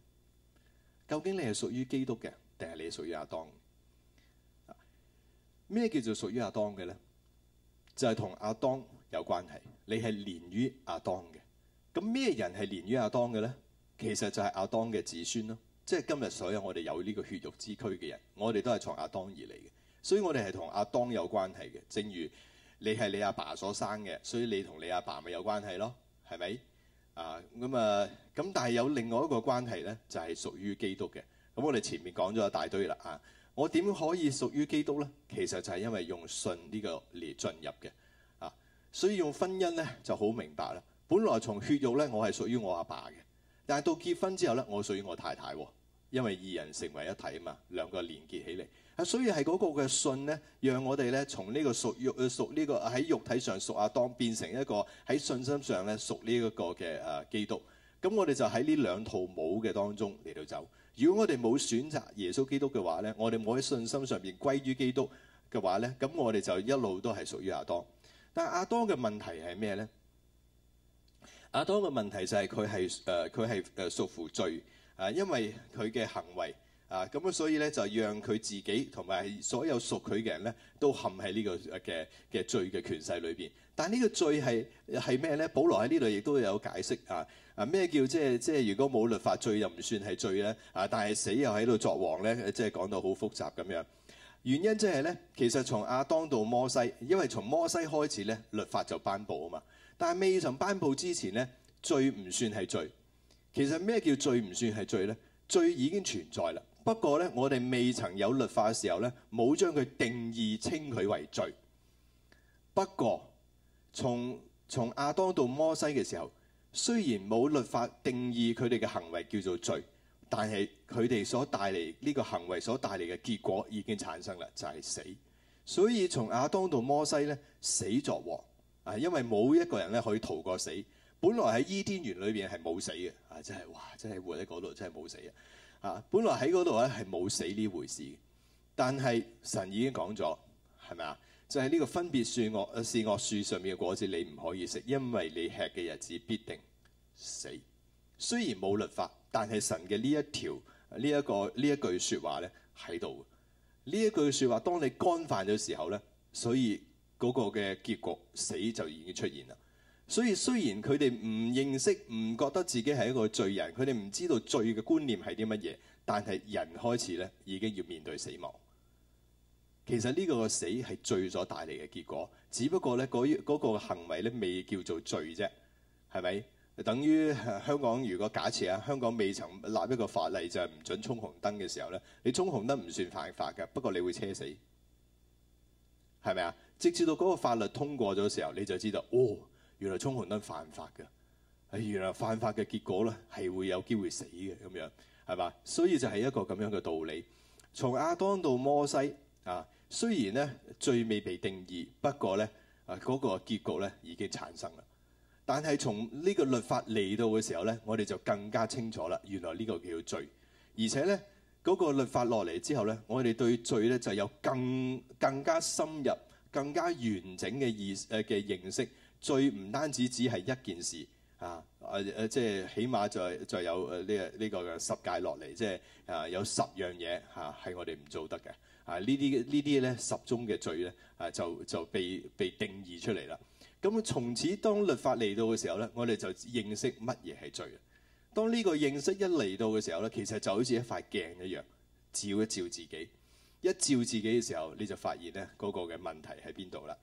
究竟你係屬於基督嘅，定係你係屬於亞當？咩、啊、叫做屬於亞當嘅咧？就係、是、同亞當有關係，你係連於亞當嘅。咁咩人係連於亞當嘅咧？其實就係亞當嘅子孫咯。即係今日所有我哋有呢個血肉之軀嘅人，我哋都係從亞當而嚟嘅。所以我哋係同阿當有關係嘅，正如你係你阿爸所生嘅，所以你同你阿爸咪有關係咯，係咪？啊，咁啊，咁但係有另外一個關係呢，就係、是、屬於基督嘅。咁我哋前面講咗一大堆啦，啊，我點可以屬於基督呢？其實就係因為用信呢個嚟進入嘅，啊，所以用婚姻呢就好明白啦。本來從血肉呢，我係屬於我阿爸嘅，但係到結婚之後呢，我屬於我太太，啊，因為二人成為一體啊嘛，兩個連結起嚟。啊，所以係嗰個嘅信咧，讓我哋咧從呢個屬肉屬呢個喺肉體上屬亞當，變成一個喺信心上咧屬呢一個嘅誒基督。咁我哋就喺呢兩套帽嘅當中嚟到走。如果我哋冇選擇耶穌基督嘅話咧，我哋冇喺信心上邊歸於基督嘅話咧，咁我哋就一路都係屬於亞當。但係亞當嘅問題係咩咧？亞當嘅問題就係佢係誒佢係誒屬乎罪啊，因為佢嘅行為。啊，咁啊，所以咧就讓佢自己同埋所有屬佢嘅人咧，都陷喺呢個嘅嘅罪嘅權勢裏邊。但係呢個罪係係咩咧？保羅喺呢度亦都有解釋啊。啊，咩叫即係即係如果冇律法罪又唔算係罪咧？啊，但係死又喺度作王咧，即係講到好複雜咁樣。原因即係咧，其實從亞當到摩西，因為從摩西開始咧，律法就頒布啊嘛。但係未曾頒布之前咧，罪唔算係罪。其實咩叫罪唔算係罪咧？罪已經存在啦。不過咧，我哋未曾有律法嘅時候咧，冇將佢定義稱佢為罪。不過，從從亞當到摩西嘅時候，雖然冇律法定義佢哋嘅行為叫做罪，但係佢哋所帶嚟呢個行為所帶嚟嘅結果已經產生啦，就係死。所以從亞當到摩西咧，死作王啊，因為冇一個人咧可以逃過死。本來喺伊甸園裏邊係冇死嘅啊，真係哇，真係活喺嗰度真係冇死嘅。啊，本來喺嗰度咧係冇死呢回事，但係神已經講咗，係咪啊？就係、是、呢個分別樹惡誒善惡樹上面嘅果子你唔可以食，因為你吃嘅日子必定死。雖然冇律法，但係神嘅呢一條呢一個呢一句説話咧喺度。呢一句説話，當你幹犯嘅時候咧，所以嗰個嘅結局——死就已經出現啦。所以雖然佢哋唔認識，唔覺得自己係一個罪人，佢哋唔知道罪嘅觀念係啲乜嘢。但係人開始咧已經要面對死亡。其實呢個死係罪所帶嚟嘅結果，只不過咧嗰嗰個行為咧未叫做罪啫，係咪？等於香港如果假設啊，香港未曾立一個法例就係唔准衝紅燈嘅時候咧，你衝紅燈唔算犯法嘅，不過你會車死，係咪啊？直至到嗰個法律通過咗時候，你就知道哦。原來衝紅燈犯法嘅，係原來犯法嘅結果咧，係會有機會死嘅咁樣，係嘛？所以就係一個咁樣嘅道理。從亞當到摩西啊，雖然咧罪未被定義，不過咧啊嗰個結局咧已經產生啦。但係從呢個律法嚟到嘅時候咧，我哋就更加清楚啦。原來呢個叫做罪，而且咧嗰個律法落嚟之後咧，我哋對罪咧就有更更加深入、更加完整嘅意誒嘅認識。罪唔單止只係一件事啊！誒、啊、誒，即係起碼再再有誒呢、這個呢、這個嘅、這個、十誡落嚟，即係啊有十樣嘢嚇係我哋唔做得嘅啊！呢啲呢啲咧十宗嘅罪咧啊就就被被定義出嚟啦。咁啊，從此當律法嚟到嘅時候咧，我哋就認識乜嘢係罪。當呢個認識一嚟到嘅時候咧，其實就好似一塊鏡一樣，照一照自己。一照自己嘅時候，你就發現咧嗰、那個嘅問題喺邊度啦。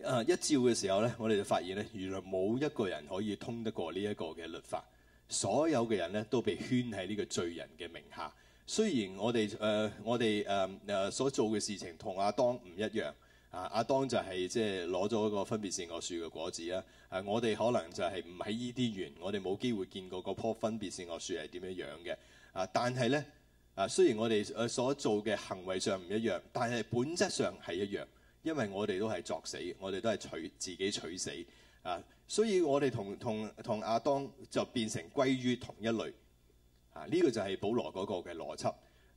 誒一照嘅時候呢，我哋就發現呢，原來冇一個人可以通得過呢一個嘅律法，所有嘅人呢，都被圈喺呢個罪人嘅名下。雖然我哋誒、呃、我哋誒誒所做嘅事情同阿當唔一樣，啊阿當就係即係攞咗一個分別善惡樹嘅果子啦，誒、啊、我哋可能就係唔喺伊甸園，我哋冇機會見過嗰棵分別善惡樹係點樣樣嘅，啊但係呢，啊雖然我哋誒所做嘅行為上唔一樣，但係本質上係一樣。因為我哋都係作死，我哋都係取自己取死啊！所以我哋同同同亞當就變成歸於同一類啊！呢個就係保羅嗰個嘅邏輯。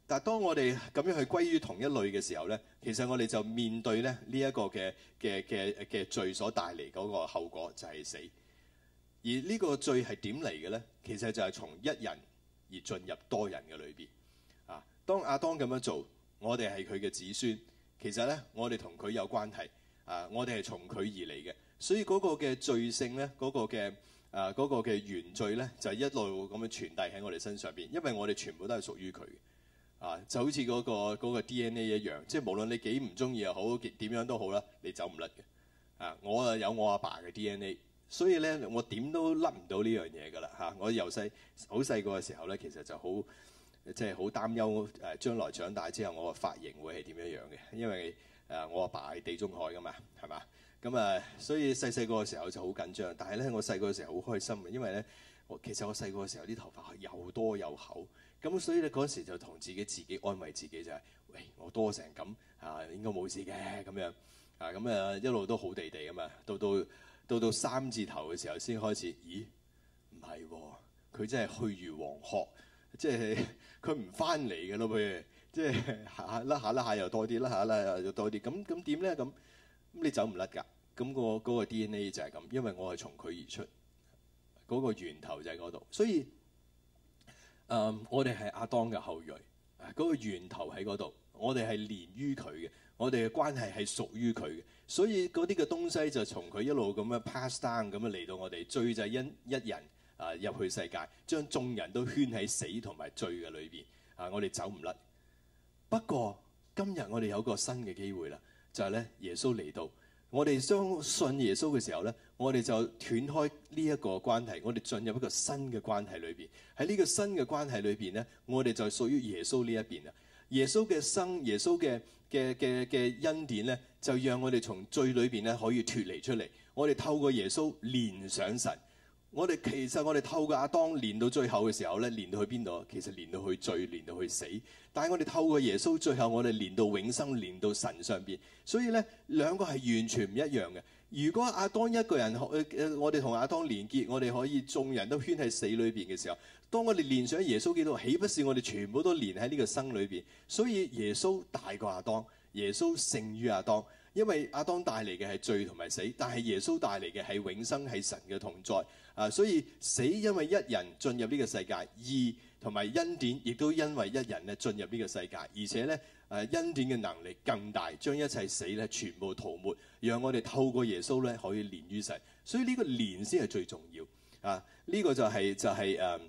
但係當我哋咁樣去歸於同一類嘅時候呢，其實我哋就面對咧呢一個嘅嘅嘅嘅罪所帶嚟嗰個後果就係死。而呢個罪係點嚟嘅呢？其實就係從一人而進入多人嘅裏邊啊！當亞當咁樣做，我哋係佢嘅子孫。其實咧，我哋同佢有關係啊，我哋係從佢而嚟嘅，所以嗰個嘅罪性咧，嗰個嘅啊嗰個嘅原罪咧，就係一路咁樣傳遞喺我哋身上邊，因為我哋全部都係屬於佢嘅啊，就好似嗰個嗰個 DNA 一樣，即係無論你幾唔中意又好，點樣都好啦，你走唔甩嘅啊，我啊有我阿爸嘅 DNA，所以咧我點都甩唔到呢樣嘢㗎啦嚇，我由細好細個嘅時候咧，其實就好。即係好擔憂誒，將來長大之後我個髮型會係點樣樣嘅？因為誒，我阿爸係地中海㗎嘛，係嘛？咁啊，所以細細個嘅時候就好緊張。但係咧，我細個嘅時候好開心嘅，因為咧，我其實我細個嘅時候啲頭髮又多又厚，咁所以咧嗰時就同自己自己安慰自己就係、是：喂，我多成咁啊，應該冇事嘅咁樣啊。咁啊一路都好地地咁啊，到到到到三字頭嘅時候先開始，咦？唔係喎，佢真係去如黃鶴。即係佢唔翻嚟嘅咯噃，即係甩下甩下，下又多啲，甩下甩又多啲，咁咁點咧？咁咁你走唔甩㗎？咁個嗰個 DNA 就係咁，因為我係從佢而出，嗰個源頭就喺嗰度。所以誒、嗯，我哋係亞當嘅後裔，嗰個源頭喺嗰度。我哋係連於佢嘅，我哋嘅關係係屬於佢嘅。所以嗰啲嘅東西就從佢一路咁樣 pass down 咁樣嚟到我哋，罪就係因一人。啊！入去世界，將眾人都圈喺死同埋罪嘅裏邊。啊！我哋走唔甩。不過今日我哋有個新嘅機會啦，就係咧耶穌嚟到，我哋相信耶穌嘅時候咧，我哋就斷開呢一個關係，我哋進入一個新嘅關係裏邊。喺呢個新嘅關係裏邊咧，我哋就屬於耶穌呢一邊啦。耶穌嘅生，耶穌嘅嘅嘅嘅恩典咧，就讓我哋從罪裏邊咧可以脱離出嚟。我哋透過耶穌連上神。我哋其實我哋透過阿當連到最後嘅時候咧，連到去邊度啊？其實連到去罪，連到去死。但係我哋透過耶穌最後，我哋連到永生，連到神上邊。所以咧，兩個係完全唔一樣嘅。如果阿當一個人學，我哋同阿當連結，我哋可以眾人都圈喺死裏邊嘅時候，當我哋連上耶穌基督，豈不是我哋全部都連喺呢個生裏邊？所以耶穌大過阿當，耶穌勝於阿當。因為阿當帶嚟嘅係罪同埋死，但係耶穌帶嚟嘅係永生，係神嘅同在啊！所以死因為一人進入呢個世界，義同埋恩典亦都因為一人咧進入呢個世界，而且咧誒、啊、恩典嘅能力更大，將一切死咧全部塗抹，讓我哋透過耶穌咧可以連於神，所以呢個連先係最重要啊！呢個就係、是、就係、是、誒啊、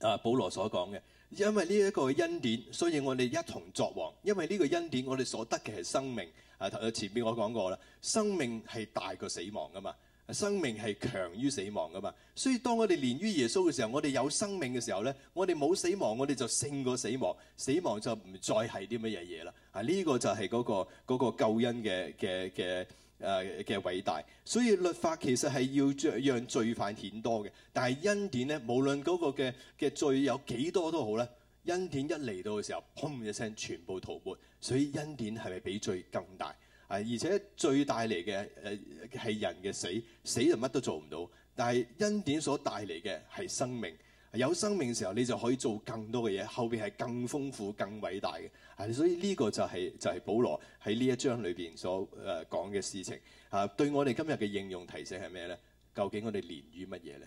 啊保羅所講嘅。因為呢一個恩典，所以我哋一同作王。因為呢個恩典，我哋所得嘅係生命。啊，頭前面我講過啦，生命係大過死亡噶嘛，生命係強於死亡噶嘛。所以當我哋連於耶穌嘅時候，我哋有生命嘅時候呢，我哋冇死亡，我哋就勝過死亡。死亡就唔再係啲乜嘢嘢啦。啊，呢個就係嗰個嗰個救恩嘅嘅嘅。誒嘅、呃、偉大，所以律法其實係要讓罪犯顯多嘅，但係恩典咧，無論嗰個嘅嘅罪有幾多都好咧，恩典一嚟到嘅時候，砰一聲，全部逃沒，所以恩典係咪比罪更大？啊，而且罪帶嚟嘅誒係人嘅死，死就乜都做唔到，但係恩典所帶嚟嘅係生命。有生命嘅時候，你就可以做更多嘅嘢，後邊係更豐富、更偉大嘅。啊，所以呢個就係就係保羅喺呢一章裏邊所誒講嘅事情。啊，對我哋今日嘅應用提醒係咩呢？究竟我哋連於乜嘢呢？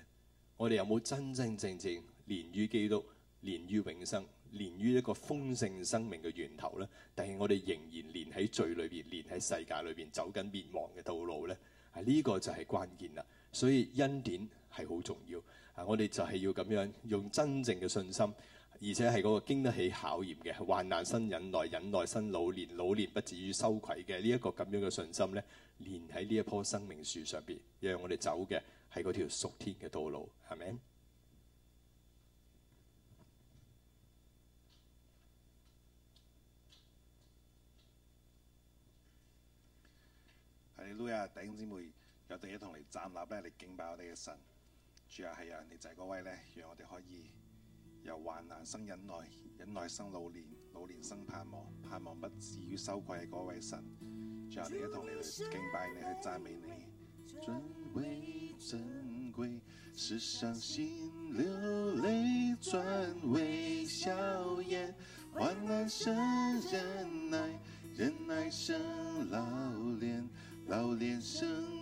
我哋有冇真真正正連於基督、連於永生、連於一個豐盛生命嘅源頭呢？定係我哋仍然連喺罪裏邊、連喺世界裏邊走緊滅亡嘅道路呢？啊呢個就係關鍵啦。所以恩典係好重要。 啊、我哋就係要咁樣用真正嘅信心，而且係嗰個經得起考驗嘅，患難生忍耐，忍耐生老練，老練不至於羞愧嘅呢一個咁樣嘅信心咧，連喺呢一棵生命樹上邊，讓我哋走嘅係嗰條屬天嘅道路，係咪、哎？係你攞下弟兄姊妹，有第一同嚟站立咧，嚟敬拜我哋嘅神。住啊，係啊！你就係嗰位呢。讓我哋可以由患難生忍耐，忍耐生老年，老年生盼望，盼望不至於收穫嗰位神。最後你一同你嚟敬拜，你去讚美你。尊為珍是流淚尊為笑。患生生忍忍耐，耐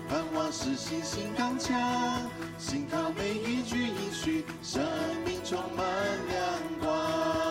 盼望是信心剛強，信靠每一句應許，生命充滿陽光。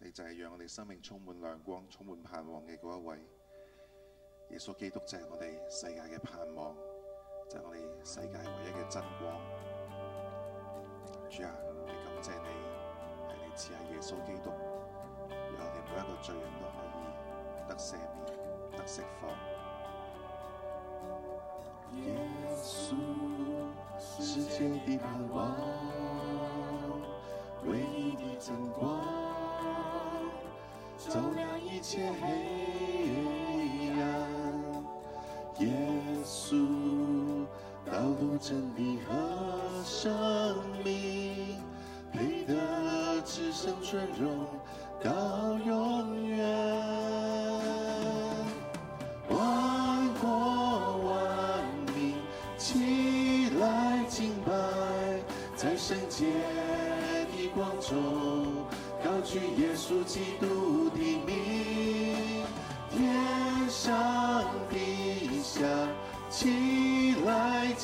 你就係讓我哋生命充滿亮光、充滿盼望嘅嗰一位，耶穌基督就係我哋世界嘅盼望，就係、是、我哋世界唯一嘅真光。主啊，我感謝你，係你指下耶穌基督，讓我哋每一個罪人都可以得赦免、得釋放。耶穌，世界的盼望，唯一的真光。照亮一切黑暗，耶穌道路真理和生命，配得至聖尊榮到永遠，萬國萬民起來敬拜，在聖潔的光中高舉耶穌基督。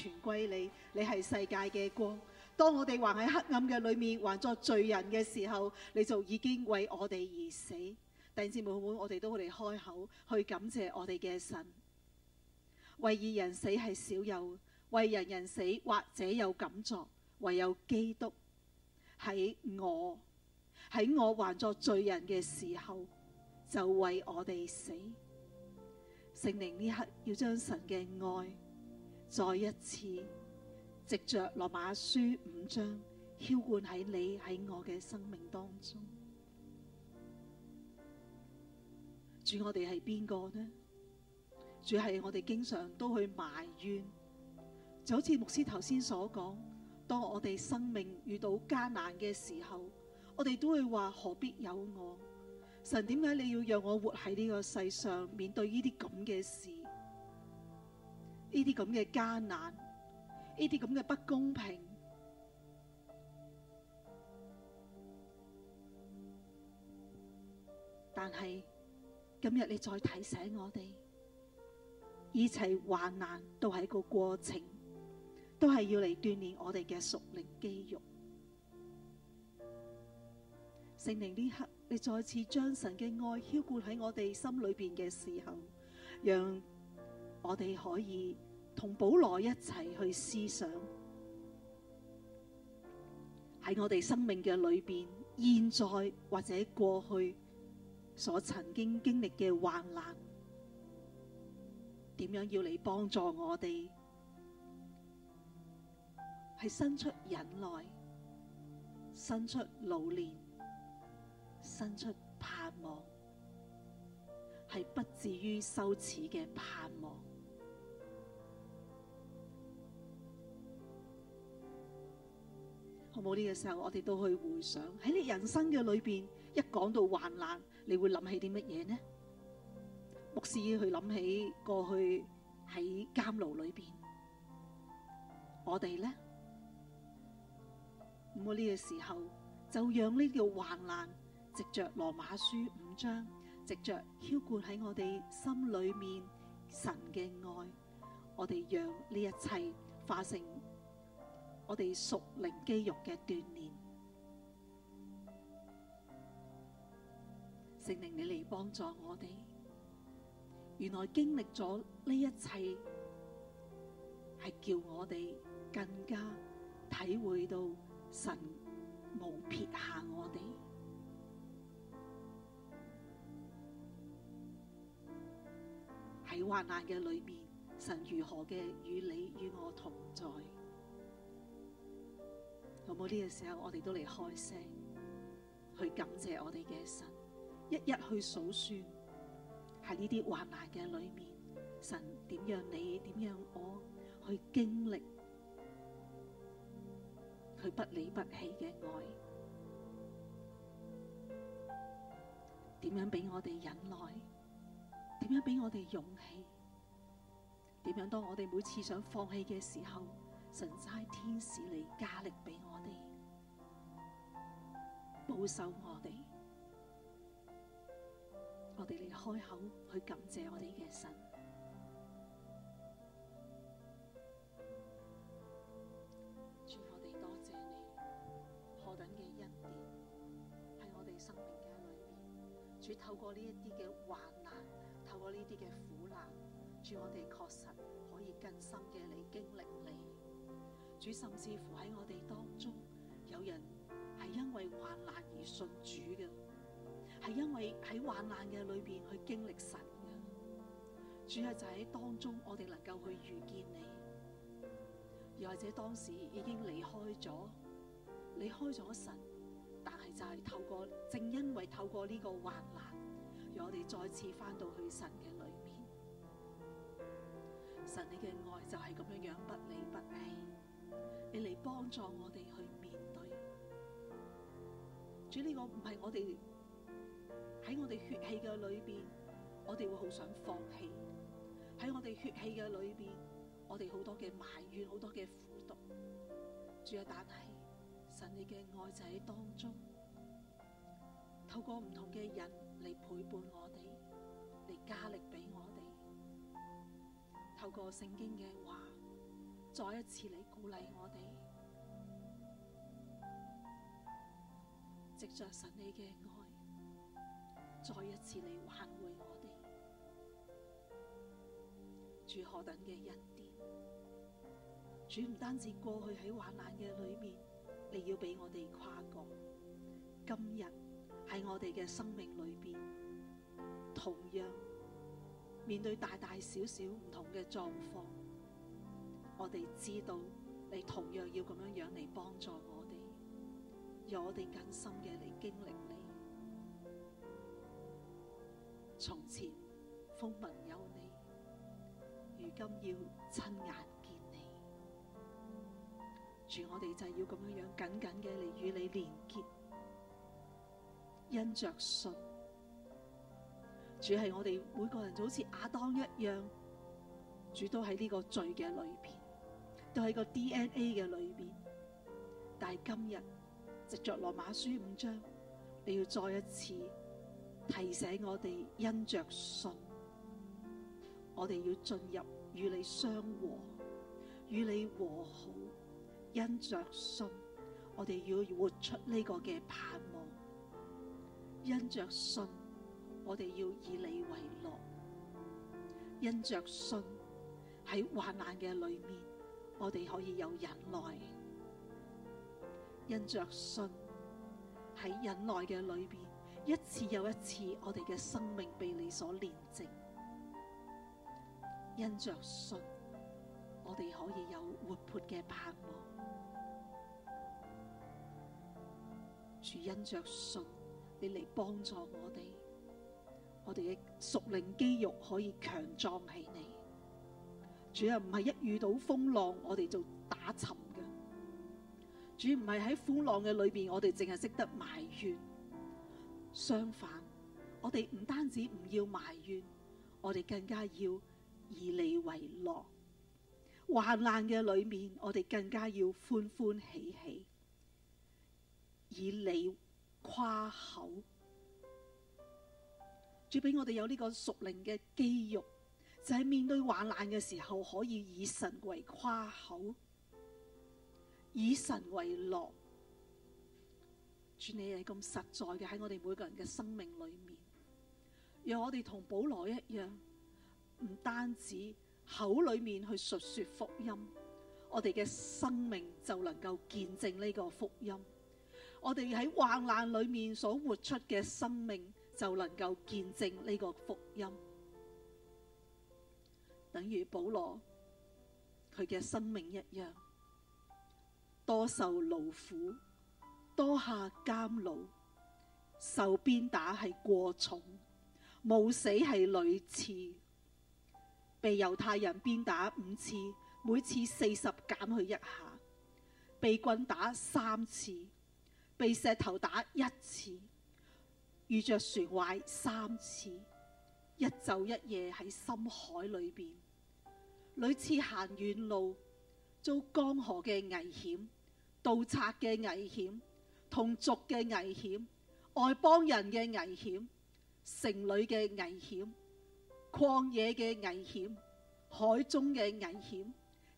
全歸你，你係世界嘅光。當我哋還喺黑暗嘅裏面，還作罪人嘅時候，你就已經為我哋而死。弟兄姊妹，我哋都嚟開口去感謝我哋嘅神，為義人死係少有，為人人死或者有感作，唯有基督喺我喺我還作罪人嘅時候就為我哋死。聖靈呢刻要將神嘅愛。再一次藉着羅馬書五章，澆灌喺你喺我嘅生命當中。主，我哋係邊個呢？主係我哋經常都去埋怨，就好似牧師頭先所講，當我哋生命遇到艱難嘅時候，我哋都會話何必有我？神點解你要讓我活喺呢個世上，面對呢啲咁嘅事？呢啲咁嘅艱難，呢啲咁嘅不公平，但係今日你再提醒我哋，一切患難都係一個過程，都係要嚟鍛煉我哋嘅屬靈肌肉。聖靈呢刻，你再次將神嘅愛澆灌喺我哋心裏面嘅時候，讓。我哋可以同保羅一齊去思想，喺我哋生命嘅裏邊，現在或者過去所曾經經歷嘅患難，點樣要你幫助我哋？係伸出忍耐，伸出老練，伸出盼望，係不至於羞恥嘅盼望。冇呢個時候，我哋都去回想喺你人生嘅裏邊，一講到患難，你會諗起啲乜嘢呢？牧師去諗起過去喺監牢裏邊，我哋呢，咁我呢個時候就讓呢個患難藉着羅馬書五章，藉着澆灌喺我哋心裏面神嘅愛，我哋讓呢一切化成。我哋屬靈肌肉嘅鍛煉，聖靈你嚟幫助我哋。原來經歷咗呢一切，係叫我哋更加體會到神無撇下我哋。喺患難嘅裏面，神如何嘅與你與我同在？有冇呢個時候，我哋都嚟開聲，去感謝我哋嘅神，一一去數算，喺呢啲患難嘅裏面，神點讓你，點讓我去經歷佢不離不棄嘅愛，點樣俾我哋忍耐，點樣俾我哋勇氣，點樣當我哋每次想放棄嘅時候？神差天使你加力俾我哋，保守我哋，我哋嚟開口去感謝我哋嘅神。主，我哋多謝你，何等嘅恩典喺我哋生命嘅裏面。主，透過呢一啲嘅患難，透過呢啲嘅苦難，主，我哋確實可以更深嘅你經歷。主甚至乎喺我哋當中，有人係因為患難而信主嘅，係因為喺患難嘅裏邊去經歷神嘅。主要就喺當中，我哋能夠去遇見你，又或者當時已經離開咗，離開咗神，但係就係透過，正因為透過呢個患難，讓我哋再次翻到去神嘅裏面。神，你嘅愛就係咁樣樣，不離不棄。你嚟幫助我哋去面對主，主、這、呢個唔係我哋喺我哋血氣嘅裏邊，我哋會好想放棄；喺我哋血氣嘅裏邊，我哋好多嘅埋怨，好多嘅苦毒。主啊，但係神你嘅愛就喺當中，透過唔同嘅人嚟陪伴我哋，嚟加力俾我哋，透過聖經嘅話。再一次嚟鼓勵我哋，藉着神你嘅愛，再一次嚟挽回我哋。主何等嘅恩典，主唔單止過去喺患難嘅裏面，你要畀我哋跨過。今日喺我哋嘅生命裏邊，同樣面對大大小小唔同嘅狀況。我哋知道，你同樣要咁樣樣嚟幫助我哋，讓我哋更深嘅嚟經歷你。從前風聞有你，如今要親眼見你。主，我哋就要咁樣樣緊緊嘅嚟與你連結，因着信。主係我哋每個人就好似亞當一樣，主都喺呢個罪嘅裏邊。都喺個 DNA 嘅裏邊，但係今日藉着羅馬書五章，你要再一次提醒我哋：因着信，我哋要進入與你相和，與你和好。因着信，我哋要活出呢個嘅盼望。因着信，我哋要以你為樂。因着信，喺患難嘅裏面。我哋可以有忍耐，因着信，喺忍耐嘅裏面，一次又一次，我哋嘅生命被你所煉淨。因着信，我哋可以有活潑嘅盼望。主，因着信，你嚟幫助我哋，我哋嘅屬靈肌肉可以強壯起你。主要唔係一遇到風浪我哋就打沉嘅，主要唔係喺風浪嘅裏邊我哋淨係識得埋怨。相反，我哋唔單止唔要埋怨，我哋更加要以你為樂。患難嘅裏面，我哋更加要歡歡喜喜，以你誇口。主俾我哋有呢個屬靈嘅肌肉。就係面對患難嘅時候，可以以神為誇口，以神為樂。主你係咁實在嘅喺我哋每個人嘅生命裏面，讓我哋同保羅一樣，唔單止口裏面去述說福音，我哋嘅生命就能夠見證呢個福音。我哋喺患難裏面所活出嘅生命就能夠見證呢個福音。等於保羅佢嘅生命一樣，多受勞苦，多下監牢，受鞭打係過重，冒死係屢次，被猶太人鞭打五次，每次四十減去一下，被棍打三次，被石頭打一次，遇着船壞三次，一晝一夜喺深海裏邊。屢次行遠路遭江河嘅危險、盜賊嘅危險、同族嘅危險、外邦人嘅危險、城裏嘅危險、曠野嘅危險、海中嘅危險、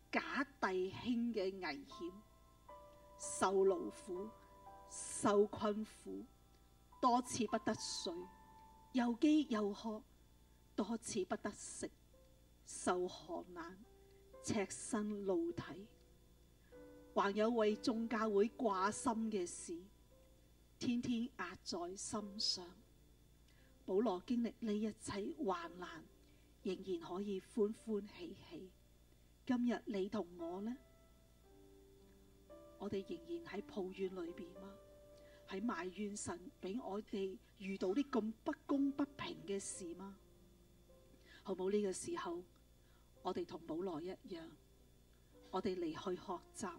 假弟兄嘅危險，受勞苦、受困苦，多次不得睡，又飢又渴，多次不得食。受寒冷、赤身露體，還有為眾教會掛心嘅事，天天壓在心上。保羅經歷呢一切患難，仍然可以歡歡喜喜。今日你同我呢？我哋仍然喺抱怨裏邊嗎？喺埋怨神俾我哋遇到啲咁不公不平嘅事嗎？好冇呢個時候？我哋同保羅一樣，我哋嚟去學習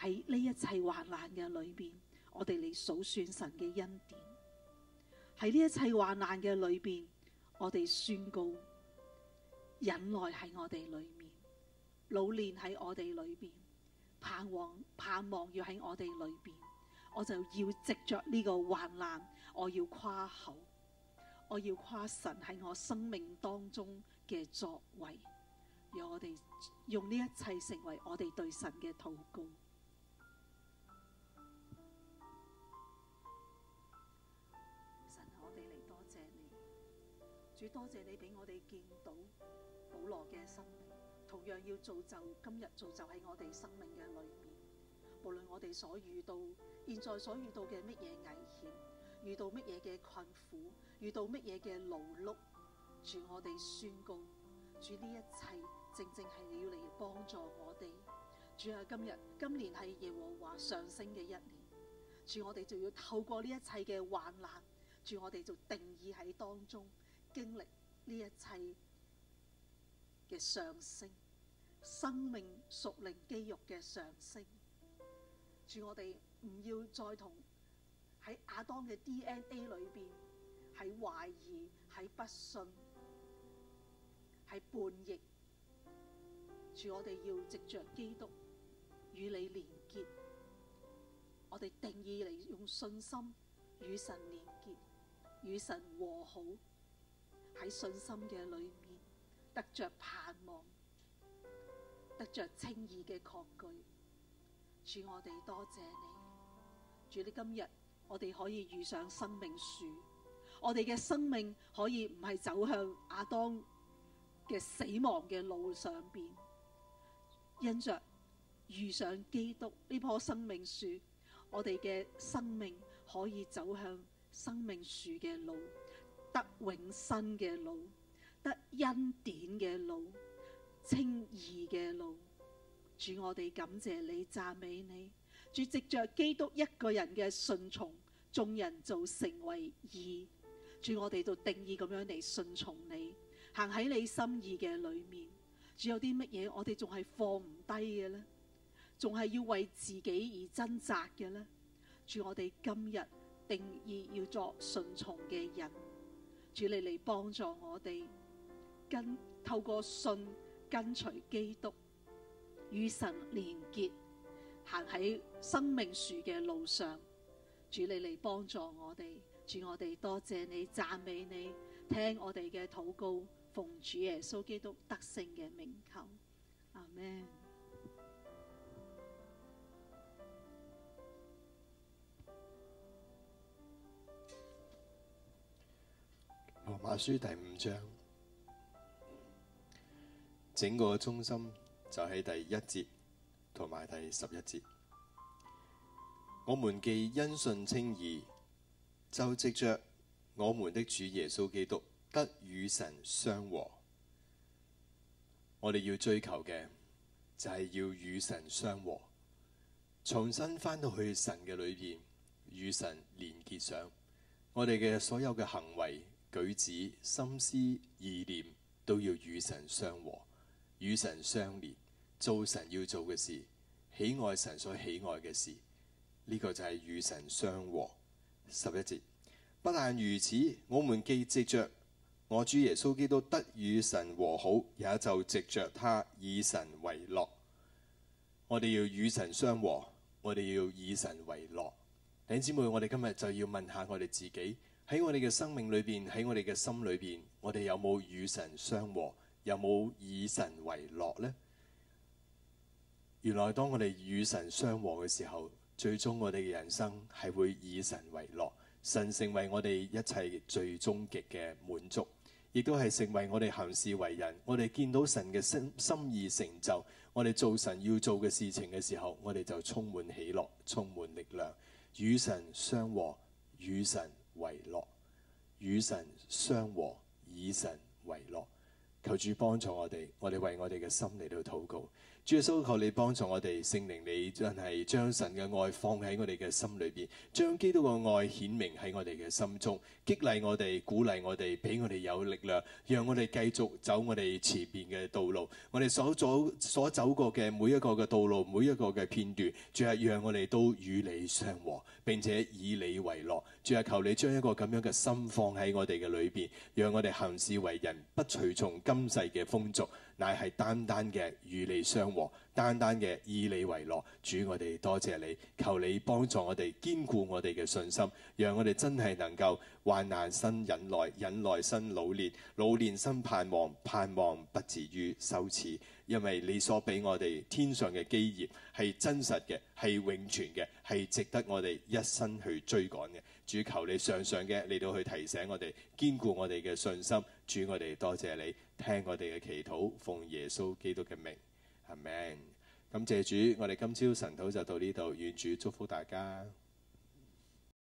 喺呢一切患難嘅裏邊，我哋嚟數算神嘅恩典。喺呢一切患難嘅裏邊，我哋宣告忍耐喺我哋裏面，老練喺我哋裏邊，盼望，盼望要喺我哋裏邊，我就要藉着呢個患難，我要誇口，我要誇神喺我生命當中。嘅作為，讓我哋用呢一切成為我哋對神嘅禱告。神，我哋嚟多謝你，主多謝你俾我哋見到保羅嘅生命，同樣要造就今日造就喺我哋生命嘅裏面。無論我哋所遇到，現在所遇到嘅乜嘢危險，遇到乜嘢嘅困苦，遇到乜嘢嘅勞碌。主我哋宣告，主呢一切正正係要嚟幫助我哋。主係、啊、今日今年係耶和華上升嘅一年。主我哋就要透過呢一切嘅患難，主我哋就定義喺當中經歷呢一切嘅上升，生命屬靈肌肉嘅上升。主我哋唔要再同喺亞當嘅 D N A 裏邊喺懷疑、喺不信。係叛逆，主我哋要藉着基督與你連結，我哋定義嚟用信心與神連結，與神和好，喺信心嘅裏面得着盼望，得着輕易嘅抗拒。主我哋多謝你，主你今日我哋可以遇上生命樹，我哋嘅生命可以唔係走向亞當嘅死亡嘅路上邊，因着遇上基督呢棵生命樹，我哋嘅生命可以走向生命樹嘅路，得永生嘅路，得恩典嘅路，清義嘅路。主我哋感謝你，讚美你。主藉着基督一個人嘅順從，眾人就成為義。主我哋就定義咁樣嚟順從你。行喺你心意嘅裏面，仲有啲乜嘢我哋仲係放唔低嘅呢？仲係要為自己而掙扎嘅呢？主我哋今日定義要做順從嘅人，主你嚟幫助我哋，跟透過信跟隨基督，與神連結，行喺生命樹嘅路上。主你嚟幫助我哋，主我哋多謝你，讚美你，聽我哋嘅禱告。奉主耶穌基督得勝嘅名求，阿門。羅馬書第五章，整個中心就喺第一節同埋第十一節。我們既因信稱義，就藉着我們的主耶穌基督。不得與神相和，我哋要追求嘅就係要與神相和，重新返到去神嘅裏邊，與神連結上。我哋嘅所有嘅行為舉止、心思意念都要與神相和，與神相連，做神要做嘅事，喜愛神所喜愛嘅事。呢個就係與神相和。十一節，不但如此，我們既借着,着。我主耶穌基督得與神和好，也就藉着他以神為樂。我哋要與神相和，我哋要以神為樂。弟兄姊妹，我哋今日就要問下我哋自己：喺我哋嘅生命裏邊，喺我哋嘅心裏邊，我哋有冇與神相和？有冇以神為樂呢？原來當我哋與神相和嘅時候，最終我哋嘅人生係會以神為樂，神成為我哋一切最終極嘅滿足。亦都係成為我哋行事為人，我哋見到神嘅心心意成就，我哋做神要做嘅事情嘅時候，我哋就充滿喜樂，充滿力量，與神相和，與神為樂，與神相和，以神為樂。求主幫助我哋，我哋為我哋嘅心嚟到禱告。主啊，求你幫助我哋，聖靈，你真係將神嘅愛放喺我哋嘅心裏邊，將基督嘅愛顯明喺我哋嘅心中，激勵我哋，鼓勵我哋，俾我哋有力量，讓我哋繼續走我哋前邊嘅道路。我哋所走所走過嘅每一個嘅道路，每一個嘅片段，主啊，讓我哋都與你相和，並且以你為樂。主啊，求你將一個咁樣嘅心放喺我哋嘅裏邊，讓我哋行事為人不隨從今世嘅風俗。乃係單單嘅與你相和，單單嘅以你為樂。主，我哋多謝你，求你幫助我哋，堅固我哋嘅信心，讓我哋真係能夠患難生忍耐，忍耐生老練，老練生盼望，盼望不至於羞恥。因為你所俾我哋天上嘅基業係真實嘅，係永存嘅，係值得我哋一生去追趕嘅。主，求你上上嘅嚟到去提醒我哋，堅固我哋嘅信心。主，我哋多謝你。聽我哋嘅祈禱，奉耶穌基督嘅名，阿門。咁謝主，我哋今朝晨禱就到呢度，願主祝福大家。